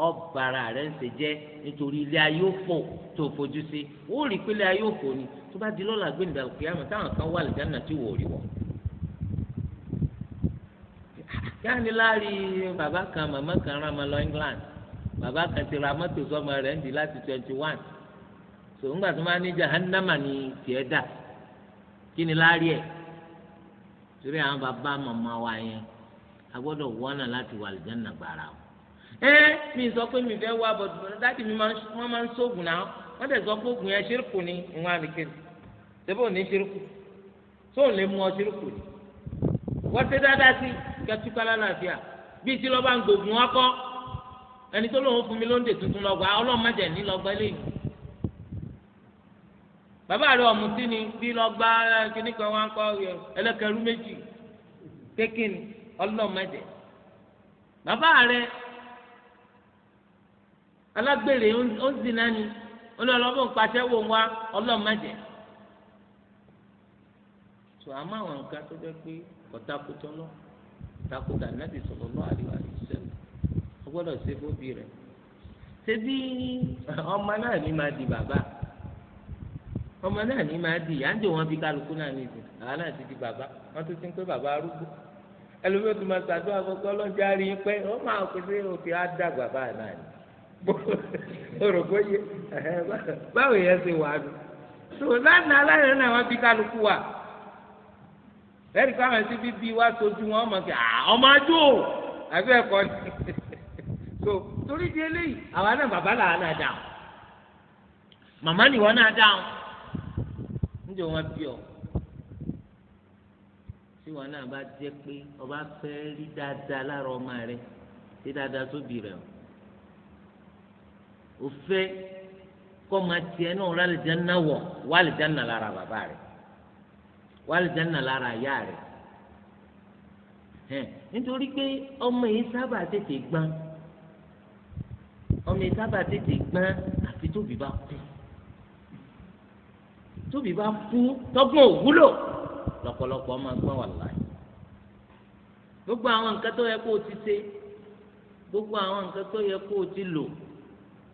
ọbàrà rẹ̀ ń ṣe jẹ́ nítorí ilé ayé òfò tó fojú sí ó rí pé ilé ayé òfò ni tó bá di lọ́la gbẹ̀ndà kìámà táwọn kan wà lìjánà tí wò rí wọ. yáni láàrin bàbá kan màmá kan rán ọmọ lọ England bàbá kan ti ra mọ́tò sọ́mọ rẹ̀ ń di láti twenty one so ńgbà tó máa ní jahannama ni tiẹ̀ dà kí ni láàrí ẹ̀ torí àwọn bàbá màmá wa yẹn a gbọ́dọ̀ wọ́nà láti wà àlùjánnà gbàrà o. ẹ mi sọ pé mi fẹ́ wá bọ̀ dáàtì mi wọ́n máa ń sóògùn náà wọ́n tẹ̀ sọ pé oògùn yẹn ṣírùkù ni ìwọ̀n àbíkẹ́rì tẹ́fọ́ ní ṣírùkù tó ń lè mú ọ ṣírùkù ni. wọ́n ti dáadáa sí kẹtùkọ́ lálàáfíà bíi tí lọ́ba ń gbòògùn ọkọ ẹni tó lóun fún mi lóúnjẹ tuntun lọ́gbà ọlọ́mọdé lọ́gbà eléyìí bàbá rẹ ọ̀mùtí ni bí lọ gbá kíní kan wá ń kọ́ ẹlẹ́kẹ̀rú méjì kékeré ọlọ́mọdé bàbá rẹ alágbèrè ó ń zina ni olùlọ́bọ̀ ń pàṣẹ wò wá ọlọ́mọdé tó a máa wọn nǹkan tó jẹ́ pé kọ́tàkùtọ́ lọ kọ́tàkùtà nàbì sọ̀rọ̀ lọ́wọ́ àríwá rẹ̀ sẹ́nu ó ṣe fóbi rẹ̀ ṣé bí ọmọ náà ní máa di bàbá. ọmọ náà ní máa di ìyá ń jò wọn bí kálukú náà ní ìsìn àwọn ti di bàbá wọn tó ti ń pé bàbá arúgbó ẹlòmíì tó máa ṣàdúrà fọkọ ọlọ́jà rí pé ó máa kó òkè ádá bàbá náà ni báwo yẹn ṣe wà náà wọn bí kálukú wá sojú wọn kí ọmọ ajó àbí ẹ̀kọ́ ni tó torí di eléyìí àwa náà bàbá làwọn náà níjọ wọn bí ọ tí wọn náà bá jẹ pé ọba fẹ́ rí dáadáa lára ọmọ rẹ rí dáadáa sóbì rẹ o fẹ́ kọ máa tiẹ̀ náà rà lè jẹun náà wọ wà lè jẹun náà lára bàbá rẹ wà lè jẹun náà lára ìyá rẹ nítorí pé ọmọ yìí sábà tètè gbọ́n ọmọ yìí sábà tètè gbọ́n àfi tóbi bá kú tóbi bá kú tọ́gbọ́n òwúlò lọ́pọ̀lọpọ̀ máa gbọ́n wà láàyè gbogbo àwọn nǹkan tó yẹ kó o ti ṣe gbogbo àwọn nǹkan tó yẹ kó o ti lò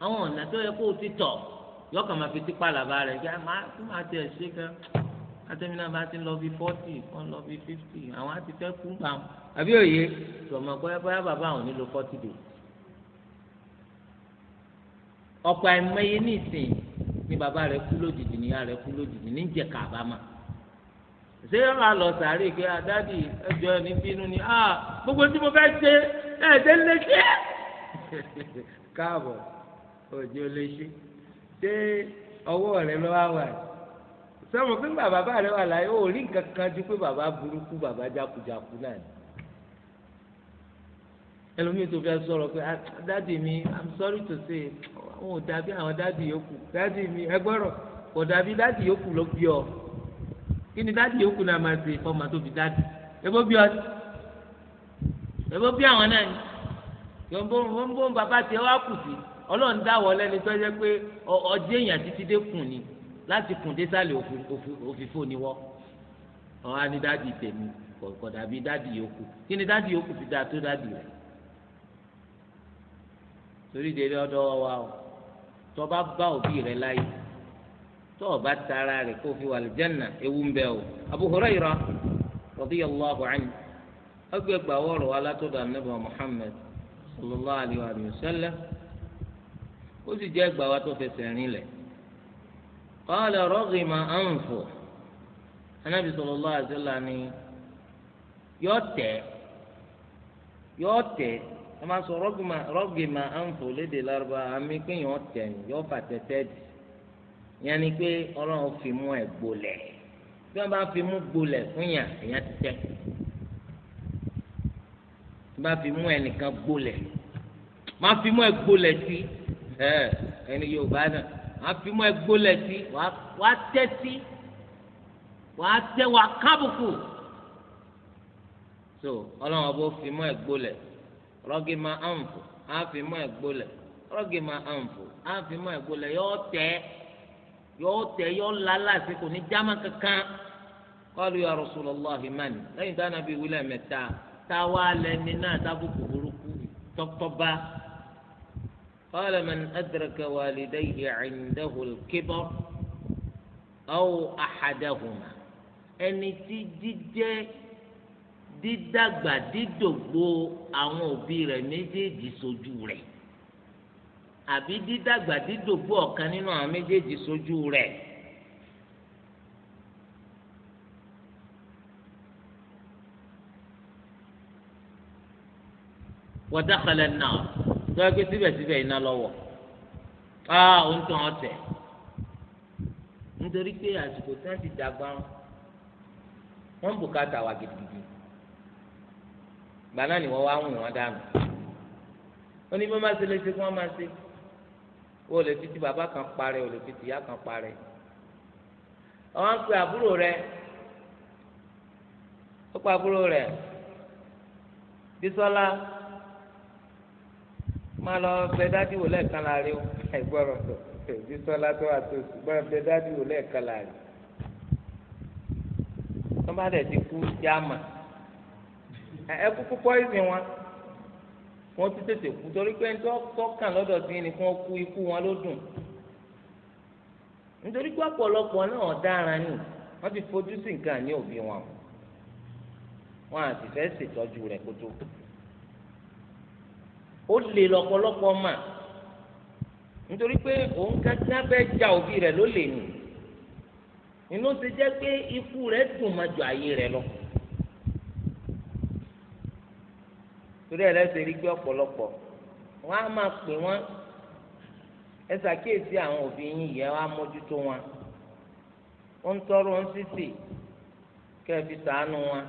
àwọn ọ̀nà tó yẹ kó o ti tọ̀ yọkàn máa fi tipa làbá rẹ̀ kí máa tẹ̀ ṣe gan atẹ́mínà bá ti lọ bí fọ́tì wọ́n lọ bí fífì àwọn àti fẹ́ kú bá wọn àbí òye tọmọ bóyá bóyá bàbá àwọn nílò fọ́tì dè ọ̀pọ̀ àìmọye ní ìsìn ní bàbá rẹ̀ kú lójijì níyà rẹ̀ kú lójijì níjẹ̀ kábàámà ṣé wà lọ sàárè pé àdádì ah, ẹjọ́ ní bínú ni a ah, gbogbo tí mo fẹ́ ṣe ẹ̀ẹ́dẹ́ lè ṣe káàbọ̀ òjò lè ṣe ṣé ọwọ́ rẹ̀ ló wá wà sọ́mu pé bàbá rẹ̀ wà láyé ó rí nǹkan kan ju pé bàbá burúkú bàbá jákujàku náà ni ẹlòmíì tó fẹ́ sọ̀rọ̀ pé ah, dáàdì mi i'm sorry to say àwọn ò dàbí àwọn dáàdì yòókù dáàdì mi ẹgbọ́rọ̀ kò dàbí dáàdì yòókù ló bí ọ kí ni dáàdì yòókù náà máa ṣe fọmà tó fi dáàdì ẹbó bí ọ ẹbó bí àwọn náà ni yọ̀nbó ń bàbá tiẹ̀ wá kù sí ọlọ́run dáwọ́ lẹ́ni tó yẹ pé ọjọ́ èèyàn títí dé kùn ni láti kùn dé sálẹ̀ òfìfò ni wọ́ ọ̀ tèmi kò dàbí yòókù kí ni dáàdì yòókù fi dáa tó dáàdì rẹ̀ torí ìdèrè ọ̀dọ̀ wa o tọba bá òbí rẹ láyé tó o rẹ kó fi wà ewu mbe bẹ o Abu Hurairah radiyallahu anhu ọgbẹ gbàwọrọ alátọ̀dọ̀ anabi Muhammad sallallahu alayhi wa sallam ó sì jẹ gbàwá tó fẹsẹ̀ rìn lẹ̀ qala anabi sallallahu alayhi wa sallam ni yọ tẹ yọ tẹ. wọ́n máa sọ rọ́gìmà rọ́gìmà ànfò lédè lárúbá àmì pé yàn tẹ̀yìn yóò fà tẹ́tẹ́ dì yẹn ni pé ọlọ́run fi mú ẹ̀ gbolẹ̀ bí wọ́n bá fi mú gbolẹ̀ fún yàn èèyàn ti tẹ́ bí wọ́n bá fi mú ẹnìkan gbolẹ̀ máa fi mú ẹ̀ gbolẹ̀ sí ẹni Yorùbá náà máa fi mú ẹ̀ gbolẹ̀ sí wàá tẹ́ sí wàá tẹ́ wàá kábùkù so ọlọ́run ọba ó fi mú ẹ̀ gbolẹ̀ sí rọ́gì máa ànfò àfi máa gbolẹ̀ rọ́gì máa ànfò àfi máa gbolẹ̀ yọ tẹ́ yọ tẹ́ yọ lálẹ́ àti kò ní jámà kankan kọ́lu ya Rasulullahi mani lẹ́yìn tí anabi wílẹ̀ mẹ́ta táwa lẹ́ni náà tábùkù burúkú tọ́tọ́ba qala man adraka walidayhi indahu al-kibar aw ahadahuma ẹni tí jíjẹ́ dídàgbà dídògbò àwọn òbí rẹ̀ méjèèjì sójú rẹ̀ àbí dídàgbà dídògbò ọ̀kan nínú àwọn méjèèjì sójú rẹ̀. wọ́dàkàlẹ̀ náà tó ẹgbẹ́ síbẹ̀síbẹ̀ iná lọ́wọ́ á ah, òun tán ọ̀tẹ̀ nítorí pé àsìkò tí wọ́n ti dàgbà wọn bùkátà wà gidigidi gbaná ni wọ́n wá ń wù wọ́n dànù ó ní bí wọ́n máa ṣe léṣe kí wọ́n máa ṣe ó lè fi ti bàbá kan parẹ́ ó lè fi ti ìyá kan parẹ́ àwọn pe àbúrò rẹ ó pa àbúrò rẹ Bísọ́lá máa lọ bẹ dádì wò lẹ́ẹ̀kan láàrin o ẹ̀gbọ́rọ̀ tó Bísọ́lá tó wà tó máa bẹ dádì wò lẹ́ẹ̀kan láàrin tó bá dẹ̀ ti kú jáàmà. ẹ kúkú pọ́ìsìn wọn wọn ti tètè kú torí pé tọ́kàn lọ́dọ̀ sí ni kí wọ́n kú ikú wọn ló dùn nítorí pé ọ̀pọ̀lọpọ̀ náà dára ni wọ́n ti fojú sí nǹkan ní òbí wọn wọn àti fẹ́ ṣètọ́jú rẹ̀ kótó ó lè lọ́pọ̀lọpọ̀ mà nítorí pé òun kájá òbí rẹ̀ ló lè torí ẹ lẹsẹ rí gbé ọ̀pọ̀lọpọ̀ wọn á máa pè wọn ẹ ṣàkíyèsí àwọn òbí yín yẹ wọn á mójútó wọn wọn ń tọrọ ń sísì kẹ ẹ fi sàánú wọn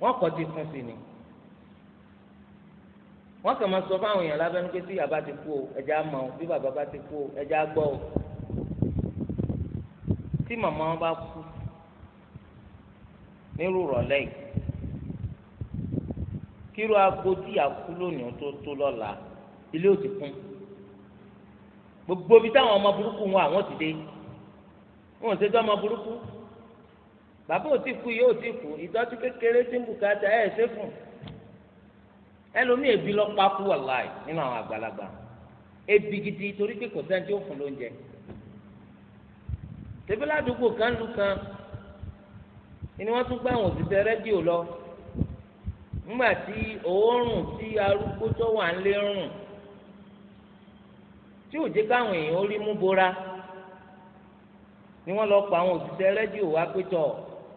wọn kọ ti fún sí ni wọn kàn máa sọ fáwọn èèyàn lábẹ́nu pé tí bàbá ti kú o ẹja mọ o bí bàbá bá ti kú o ẹja gbọ́ o tí màmá wọn bá kú nírú rọ̀lẹ́ yìí kíró agodi tí àkú lónìí tó tó lọ́la ilé ò ti kún gbogbo ibi táwọn ọmọ burúkú wọn àwọn ti dé wọn ò ṣètò ọmọ burúkú bàbá ò tí kú yìí ò tí kú ìtọ́jú kékeré tí ń bùkátà ẹ̀ ṣe fún ẹlòmíì ebi lọ pa kú wàláì nínú àwọn àgbàlagbà ebi gidi torí pé kò sẹ́ni tí ó fún lóúnjẹ tẹ̀bí ládùúgbò kan lu kan ni wọ́n tún gbá àwọn òṣìṣẹ́ rédíò lọ nígbà tí òórùn tí arúgbó tó wà ń lé rùn tí ò jẹ́ káwọn èèyàn rí mú bora ni wọ́n lọ pa àwọn òṣìṣẹ́ rédíò wá pé tọ̀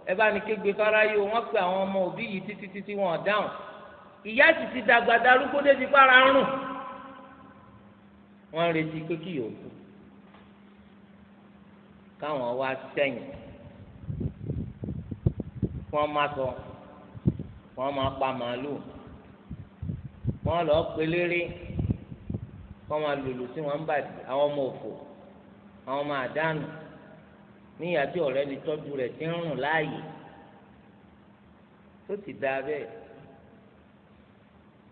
ẹ bá ní kégbe fáráyé wọ́n pe àwọn ọmọ òbí yìí títí títí wọn dáhùn ìyá sì ti dàgbà darúgbó débi fara rùn wọ́n retí pé kí yòókù káwọn wá sẹ́yìn kí wọ́n má sọ. So wọ́n máa pa màálùú wọ́n lọ́ọ́ pelére wọ́n máa lùlù sí wọn bàjẹ́ àwọn ọmọ òfò àwọn ọmọ àdánù níyà tí ọ̀rẹ́ ni tọ́jú rẹ̀ ti ń rùn láàyè tó ti dáa bẹ́ẹ̀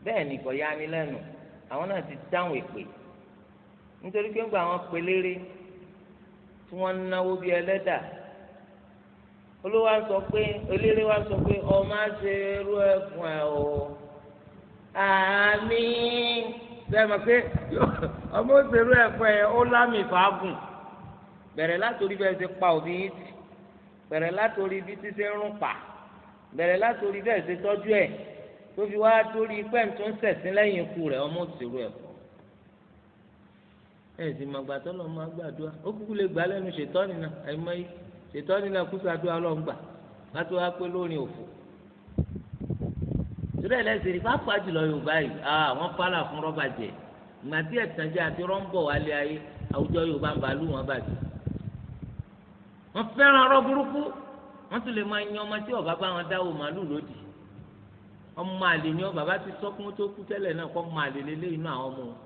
bẹ́ẹ̀ ni kò yá ni lẹ́nu àwọn náà ti dáhùn èpè nítorí pé ń gba àwọn pelére tí wọ́n náwó bíi ẹlẹ́dàá olúwa sọ pé eléré wa sọ pé ọmọ àṣẹ irú ẹfun ẹ o àmì sẹ́mi pé ọmọ àṣẹ irú ẹfun ẹ ó lámì fàágùn bẹ̀rẹ̀ látòrí bẹ́ẹ̀ ṣe pa òbí yín tì bẹ̀rẹ̀ látòrí bí ti ṣe ń rún pa bẹ̀rẹ̀ látòrí bẹ́ẹ̀ ṣe tọ́jú ẹ̀ tó fi wá torí pẹ́ǹtún sẹ̀sìn lẹ́yìn ikú rẹ̀ ọmọ àṣẹ irú ẹfun ẹ̀ sì mọ̀gbà tó lọ́ máa gbàdúrà ó kúkú lè gbà lẹ́nu ṣètọ́ni náà àìmọ́ yìí ṣètò nínú ẹkúsọ àdúrà ọlọ́ngbà láti wá pé lórí òfò torí ẹlẹ́sìn ní pápá jùlọ yorùbá yìí àwọn pálá fún rọ́bà jẹ ìgbà tí ẹ̀tànjẹ́ àti rọ́ńbọ̀ wálé ayé àwùjọ yorùbá ń balú wọn bàjẹ́ wọ́n fẹ́ràn ọ̀rọ̀ burúkú wọ́n tún lè máa yan ọmọ tí ọba bá wọn dáwọ́ màálùú lòdì ọmọ àlè ni wọn bàbá ti sọ fún tó kú tẹ́lẹ̀ náà kọ́ ọmọ àlè lélẹ́yìn inú àwọn ọmọ wọn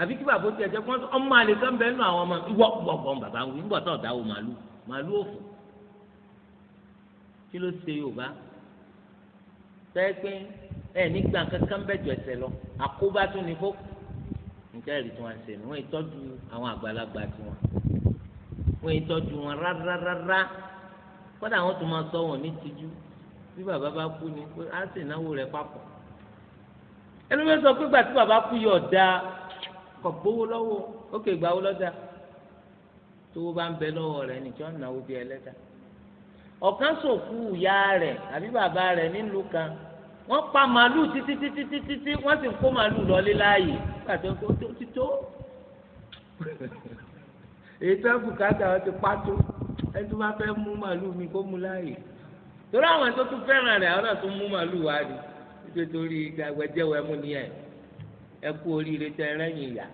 àbí kí bàbá ó ti ẹ̀jẹ̀ kọ́ ọmọ àlè kan bẹ́ẹ̀ nù àwọn ọmọ ìwọ gbọ̀ngbọ̀n bàbá ń wí tó dáwọ́ màálùú màálù òfò kí ló ṣe yorùbá sẹ́yìn pé ẹ nígbà kankan bẹ́ẹ̀ jọ ẹsẹ̀ lọ àkóbá tún ní fókù níta ẹ̀rí tí wọ́n ṣe ni wọ́n ìtọ́jú àwọn àgbàlagbà tiwọn wọ́n ìtọ́jú wọn rárárárá kọ́dà àwọn tó máa sọ wọn ní tìjú bí bàbá bá kú ni pé á sì náwó rẹ̀ papọ̀ ẹni wọ́n sọ pé gbà bàbá kú yọ̀ ọ̀dà kọ̀ gbówó lọ́wọ́ ó kè gbà lọ́dà tówó bá ń bẹ lọ́wọ́ rẹ̀ nìkan náwó bíi ẹlẹ́dà ọ̀kan sòkú ìyá rẹ̀ àbí bàbá rẹ̀ nílùú kan wọ́n pa màálù títí títí títí tí wọ́n sì kó màálù lọlé láàyè pàtó tó ti tó èyí tó bùkátà wọn ti pàtó ẹni tó bá fẹ́ mú màálù mi kó mú láàyè torí àwọn tó tún fẹ́ràn rẹ̀ àwọn náà tún mú màálù wá rí nítorí gbàgbẹ́jẹ́wọ̀ ẹmú ni ẹ̀ ẹ kú oríire tẹ ẹrẹ́yìn ìyá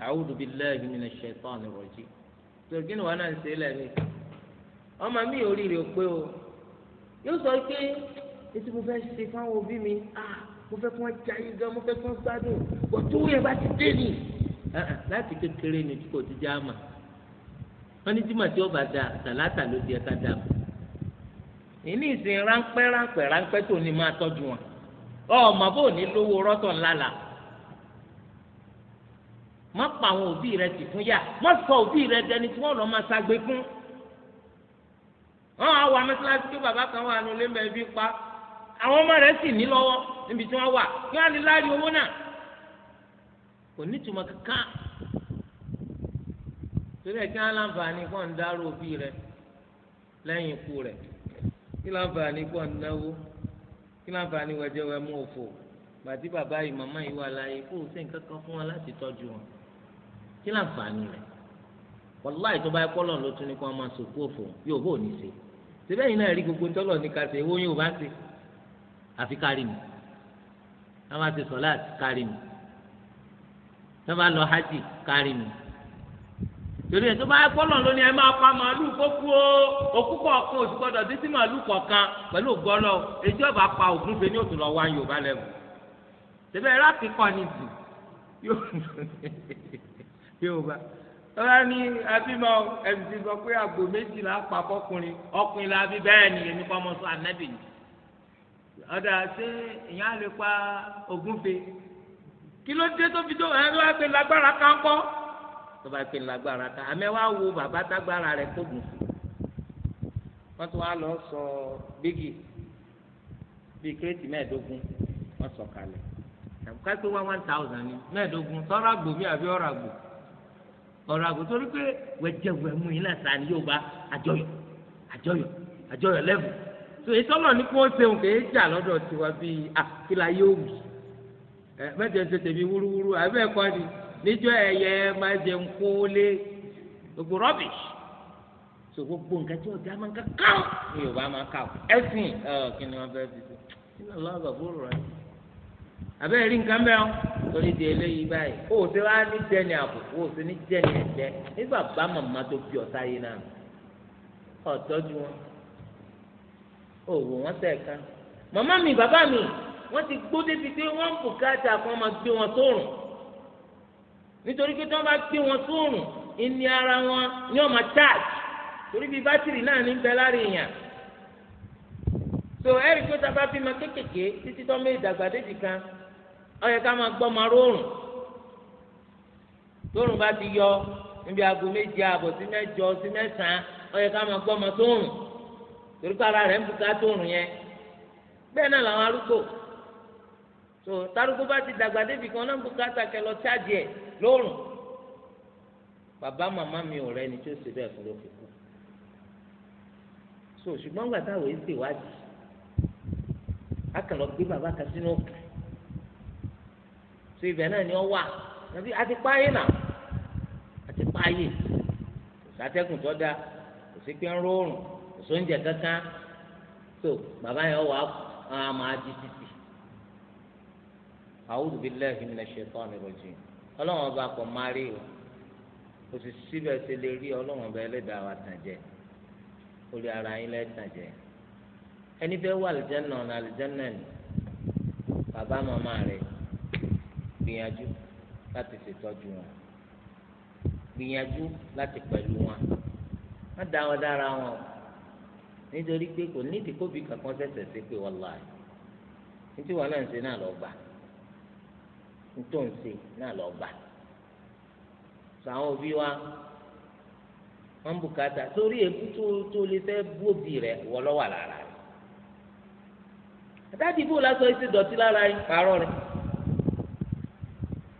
a'udhu billahi minash shaitani rajim torí kí ni wọn náà ń ṣe lẹ́mí ọmọ mi ò rí rè pé o yóò sọ pé etí mo fẹ́ ṣe fáwọn òbí mi ah mo fẹ́ kí wọ́n jayé gan mo fẹ́ kí wọ́n gbádùn kò tó yẹ bá ti dé ni ah, ah, láti kékeré ni kò ti já mà wọ́n ní tí màtí ọba da sàlátà ló di ẹ̀ka dà ìní ìsìn ráńpẹ́ ráńpẹ́ ráńpẹ́ tó ní máa tọ́jú wọn ọ̀ màbó ní lówó rọ́tọ̀ ńlá làá má pa àwọn òbí rẹ tì fún yá má sọ òbí rẹ dẹni tí wọn lọ máa ṣagbe fún wọn àwọn amẹsíláṣí tó bàbá kan wà nílé mẹbí pa àwọn ọmọ rẹ sì ní lọ́wọ́ níbi tí wọn wà kí wọn lè láàrin owó náà kò nítumọ̀ kankan torí ẹ kí wọn láǹfààní kó ń dárò òbí rẹ lẹ́yìn ikú rẹ kí láǹfààní kó ń náwó kí láǹfààní wẹjẹ wẹ mú òfò gbàtí bàbá yìí màmá yìí wà láàyè kó o ṣe nǹkan kan fún wọn láti tọ́jú wọn kí láǹfààní rẹ̀ wàláì tó bá yẹ kọ́lọ̀ ló tún ní kó máa sòkú òfò yóò bó ní ṣe síbẹ̀ yìí náà rí gbogbo ntọ́lọ̀ ní kásẹ̀ owó yóò bá ṣe àfi kárí mi tá máa ṣe sọ̀láàtì kárí mi tá máa lọ hajj kárí mi torí ẹ̀ tó bá yẹ kọ́lọ̀ ló ní ẹ máa pa màálù kó kú o òkú kọ̀ọ̀kan oṣù gbọ́dọ̀ títí màálù kọ̀ọ̀kan pẹ̀lú ògbọ́lọ̀ ìjọba pa ògúnfe ní òtún lọ wá Yorùbá lẹ́wọ̀n síbẹ̀ rákì kọ́ni dì yóò yorùbá ọlá ní abimọ ẹbí sọ pé àgbò méjìlá pàkọkùnrin ọkùnrin la bí bẹ́ẹ̀ ni èmi kọ́ ọmọ sọ ànábì ni ọ̀dà ṣé ìyá lè pa ògúnfe kí ló dé tó fi tó ẹ lọ́wọ́ pé lágbára kan kọ́ tó bá pè lágbára kan àmẹ́wá wo bàbá tágbára rẹ̀ tó gùn fún wọ́n tún wá lọ sọ bígì bíi kírètì mẹ́ẹ̀ẹ́dógún wọ́n sọ kalẹ̀ kápẹ́ one one thousand ni mẹ́ẹ̀ẹ́dógún sọ́ra gbòmí àbí ọ̀rà gbòmí ọ̀rọ̀ àgùntàn torí pé wẹ́jẹ̀wẹ́ mú iná sáà ni yóò bá àjọyọ̀ àjọyọ̀ àjọyọ̀ lẹ́bù tó ìtọ́lọ̀ ní kí wọ́n ṣeun kì í jà lọ́dọ̀ tiwa bíi àkìlá yóò wù ẹ mẹ́jọ ṣe tèmi wúrúwúrú àbẹ́ ẹ̀kọ́ ni níjọ́ ẹ̀yẹ máa jẹ nkólé gbogbo rubbish so gbogbo nǹkan tí ọjà máa ń ká káw ni Yorùbá máa ká ẹ̀sìn kí ni wọ́n fẹ́ fi ṣe kí ni ọlọ́ọ̀bà bó abẹ́rẹ́ rí nǹkan bẹ́ẹ̀ torí di eléyìí báyìí o ò ti wá ní jẹni àbùkù o ò ti ní jẹni ẹ̀jẹ̀ ní bàbá màmá tó bí ọ̀tá yìí náà ọ̀tọ́jú wọn ò wò wọ́n sẹ́ẹ̀kan màmá mi bàbá mi wọ́n ti gbó débi pé wọ́n ń bùkátà kan máa gbé wọn sóòrùn nítorí pé tí wọ́n bá gbé wọn sóòrùn ìní ara wọn ni wọ́n máa charge torí bí bátìrì náà ní bẹ lára èèyàn so ẹ̀rí pé tá a bá bímọ kéékèèké títí tó ń bẹ ìdàgbàdéjì kan ó k'ama ká máa gbọ́ máa bá ti yọ níbi aago méje ààbọ̀ sí mẹjọ sí mẹsàn án ó k'ama ká máa gbọ́ máa torí ara rẹ̀ làwọn arúgbó tó tarúgbó bá ti dàgbà débi kan náà ń bùkà tàkẹ́ lọ ṣáàjì ẹ̀ bàbá màmá mi ò tó ṣe bẹ́ẹ̀ fún so ṣùgbọ́n bàbá kan sínú ṣe ibẹ̀ náà ni ọ wà àbí àti páyé náà àti páyé kò sátẹ́kùn tó dáa kò sí pé ń rọrùn kò sóúnjẹ kankan tó bàbá yẹn wà á máa di títì. A'udhu billahi minash shaitani rajim ọlọ́run ọba kò máa rí o kò sì síbẹ̀ ṣe lè rí ọlọ́run ọba ẹlẹ́dàá wa tàn jẹ orí ara yín lẹ́tàn jẹ ẹni fẹ́ wà àlùjànnà ọ̀nà àlùjànnà ni bàbá màmá rẹ̀ gbìyànjú láti ṣètọ́jú wọn gbìyànjú láti pẹ̀lú wọn má dá wọn dára wọn nítorí pé kò ní ìdíkóbi kankan ṣẹ̀ṣẹ̀ sí pé wọ́n lọ àyè nítorí wọn náà ń ṣe náà lọ gbà nítorí ń ṣe náà lọ gbà sọ àwọn òbí wa wọn bùkátà sórí èkú tó tó lè fẹ́ bú òbí rẹ wọ́n lọ́wọ́ lára rẹ àtàdìbò lásán ètò ìdọ̀tí lára yìí pààrọ̀ rẹ̀.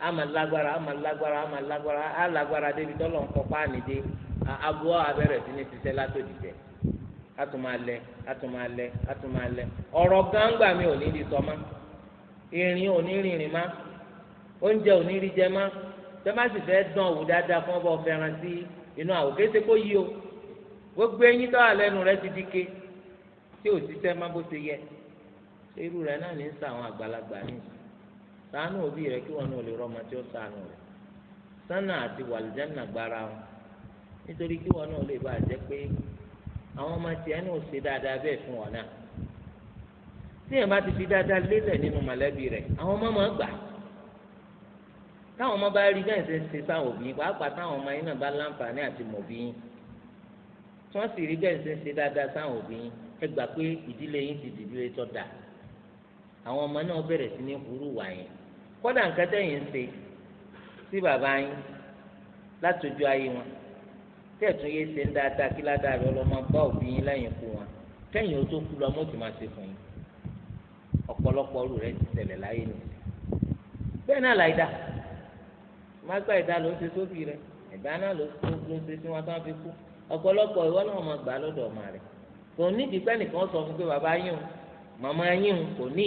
ama lágbára ama lágbára ama lágbára alágbára débi tọ́lọ̀ ń kọ́ páàní dé abo abẹ́rẹ́ sí ní ṣiṣẹ́ látòdìjẹ́ kátùmálẹ̀ kátùmálẹ̀ kátùmálẹ̀ ọ̀rọ̀ gángba mi ò di sọ ma irin ò ní rìnrìn ma oúnjẹ ò ní rí jẹ ma tẹ́másì fẹ́ dán òwú dáadáa fún ọbọ̀ fẹ́ràn sí inú àwò kése kó yí o gbogbo eyín tó wà lẹ́nu rẹ ti di ke tí ò ti sẹ́ má bó ṣe yẹ irú rẹ náà ní sàwọn àgbàlagbà nìyí. ṣàánú obi rẹ kí wọn náà lè rọmọ tí ó ṣàánú rẹ sánà àti wàlìjánà gbára wọn nítorí kí wọn náà lè bá jẹ pé àwọn ọmọ ti fi dáadáa lélẹ̀ nínú mọ̀lẹ́bí rẹ̀ àwọn ọmọ máa gbà táwọn ọmọ bá rí bẹ́ẹ̀ ṣe sáwọn òbí pàápàá táwọn ọmọ yín náà bá láǹfààní àti mọ̀bí yín tí wọ́n sì rí bẹ́ẹ̀ ṣe dáadáa sáwọn òbí yín ẹ gbà pé ìdílé yín ti dìbò ètò dà àwọn ọmọ náà bẹ̀rẹ̀ sí kódà nǹkan tẹ̀yìn ń ṣe sí bàbá yín látọjú ayé wọn tẹ̀tún yé ṣe ń dáadáa kí ládàá rẹ ọlọ́mọ bá òbí yín lẹ́yìn kú wọn kẹ́yìn ó tó kú lọ mọ́ ti máa ṣe fún yín ọ̀pọ̀lọpọ̀ ọrù rẹ ti ṣẹlẹ̀ láyé nì bẹ́ẹ̀ náà láì dá máa gbá ìdá ló ṣe sóbì rẹ ìdá náà ló ṣe tí wọ́n tán fi kú ọ̀pọ̀lọpọ̀ ìwọ náà máa gbà lọ́dọ̀ ọmọ rẹ kò ní ìdípẹ́ nìkan sọ fún pé bàbá yín o màmá yín o kò ní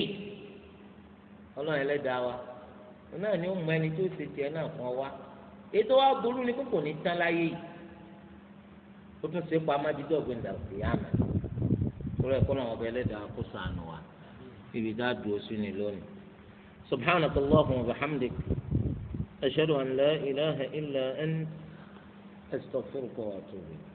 ọlọ́run ẹlẹ́dàá wa náà ni ó mọ ẹni tó ṣe tiẹ̀ náà fún ọ wá ètò wa burú ni kókò ní tán láyé yìí ó tún ṣe pa amájídé ọ̀gbìn dàgbé àná kúrò ẹ̀kọ́ náà ọba ẹlẹ́dàá kó sànù wa ibi dá dùn sí ni lónìí subhanaka allahumma wa bihamdik ashhadu an la ilaha illa ant astaghfiruka wa atubu ilayk.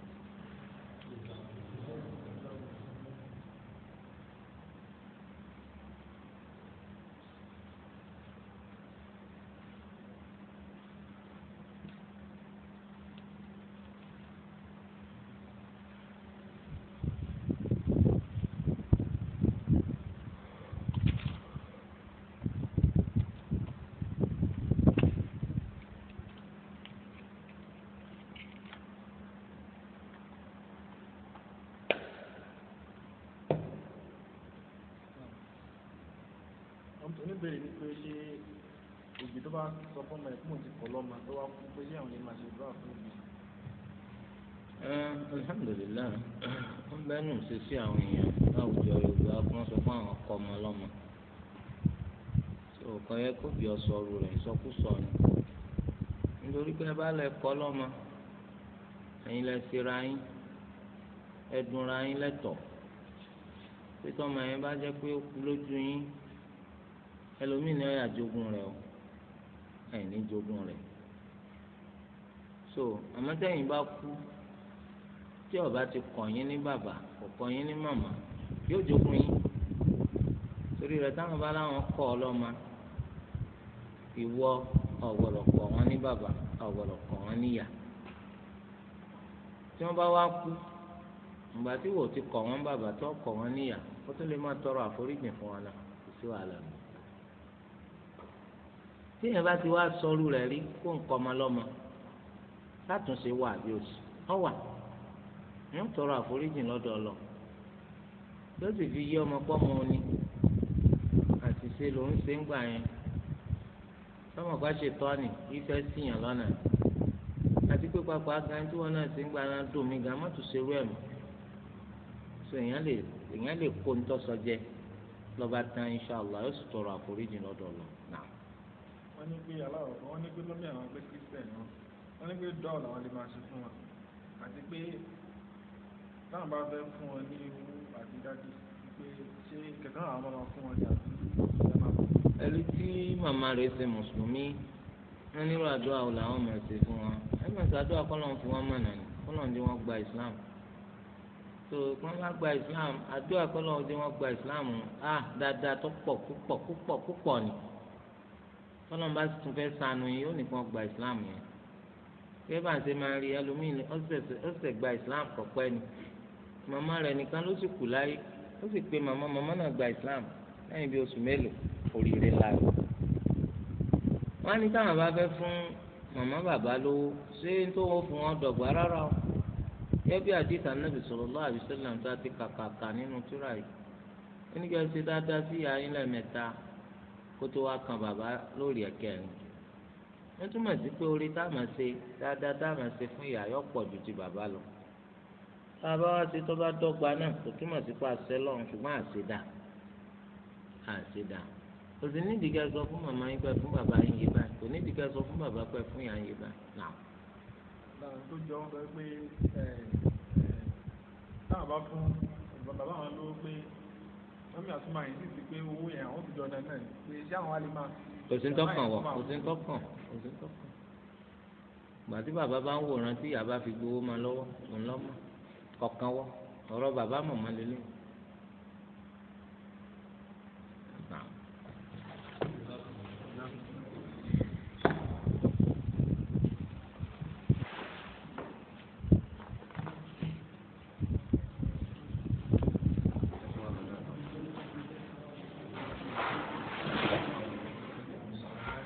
sọ fún ọmọ ẹ̀kún ti kọ̀ lọ́mọ tó wá kú pé yẹ́ àwọn lè máa ṣe dúrà fún mi. alhamdulilayi wọn bẹ nù sí sí àwọn èèyàn láwùjọ yorùbá wọn sọ fún àwọn ọkọ ọmọ ọlọmọ òkò yẹ kó bí ọsọrù rẹ ìsọkúsọ ni nítorí pé ẹ bá lẹ kọ lọmọ ẹ̀yin lẹ sira yín ẹdùnra yín lẹtọ pé tọmọ yẹn bá jẹ pé ó kú lójú yín ẹlòmíì ni ó yà jogún rẹ o. ẹ̀yìn ní jogún so àmọ́ tẹ́yìn bá kú tí ọba ti kọ̀yìn ní bàbá kò ní màmá yóò jogún yín torí rẹ̀ táwọn bá láwọn kọ́ ọ lọ́mọ ìwọ ní bàbá níyà tí wọn bá wá kú ìgbà tí wò ó ti kọ̀ wọ́n bàbá tó kọ̀ wọ́n níyà ó tún lè má tọrọ àforíjì fún wọn náà téèyàn bá ti wá sọrú rẹ̀ rí kó nǹkan ọmọ lọ́mọ látúnṣe wà bí o ọ wà ń tọrọ àforíjì lọdọ ọlọ yóò sì fi yí ọmọ pọmọ ni ló ń ṣe ń gbà yẹn tọmọ bá ṣe síyàn lọ́nà àti pé papọ̀ agan tí náà ṣe ń gbà dùn mí gan má tún ṣe rú so èèyàn lè kó ń tọrọ àforíjì wọ́n ní pé aláwọ̀ kan wọ́n ní pé lọ́mí àwọn pé kírísítẹ̀nì wọn wọ́n ní pé dọ́ọ̀ làwọn lè máa ṣe fún wọn àti pé táwọn bá fẹ́ fún wọn ní ewu àti dájú pé ṣé kẹ̀kẹ́ àwọn máa fún wọn ní àti ẹni tí màmá rẹ̀ ṣe mùsùlùmí wọn nírò àdúrà ò làwọn máa ṣe fún wọn ẹ máa ṣàdúrà kọ́lọ̀ fún wọn mọ̀nà ni kọ́lọ̀ ní wọ́n gba Islam tó kí bá gba Islam àdúrà kọ́lọ̀ ní wọ́n gba Islam ah dáadáa tó pọ̀ púpọ̀ púpọ̀ púpọ̀ ni tọ́lọ́n bá tún fẹ́ sànù yìí ó nìkan gba islam yẹn pé bá a ṣe máa rí ẹlòmíì ọ̀sẹ̀ gba islam kọ̀pẹ́ ni màmá rẹ̀ nìkan ló sì kù láyé ó sì pe màmá màmá náà gba islam lẹ́yìn bíi oṣù mélòó oríire láyé. wọ́n á ní táwọn bá fẹ́ fún màmá bàbá lówó ṣé tó wọ́n fún wọn dọ̀gba rárá o yẹ bí àdìsá nàbì sallallahu alaihi wasallam tó a ti kàkàkà nínú túrà yìí ó ní kí wọ́n ṣe dáadáa sí ìyá yín lẹ́ẹ̀mẹ́ta kó tó wá kan bàbá lórí ẹ̀kẹ́ rẹ̀ wọ́n túmọ̀ sí pé orí tá a máa ṣe dáadáa tá a máa ṣe fún ìyá yọ pọ̀ ju ti bàbá lọ tá a bá wá ṣe tó bá dọ́gba náà kò túmọ̀ sí pé àṣẹ lọ́run ṣùgbọ́n àṣẹ dà àṣẹ dà kò sí nídìí ká sọ fún màmá yín pé fún bàbá yín yé báyìí kò nídìí ká sọ fún bàbá pé fún ìyá yín yé báyìí náà. ìlànà tó jọ wọn sọ pé táwọn bá fún bàbá wọn lówó pé mọ́mí àtúmọ̀ yìí sì ti pé owó yẹn àwọn òfìjọ náà náà pé iṣẹ́ àwọn alẹ́ máa. kò sí tọkàn wọ kò sí tọkàn kò sí tọkàn. ìgbà tí bàbá bá ń wòran tí ìyá bá fi gbowó máa lọ́wọ́ òun lọ́mọ kọ̀ọ̀kan wọ ọ̀rọ̀ bàbá mọ̀mọ́ lélẹ́yìn.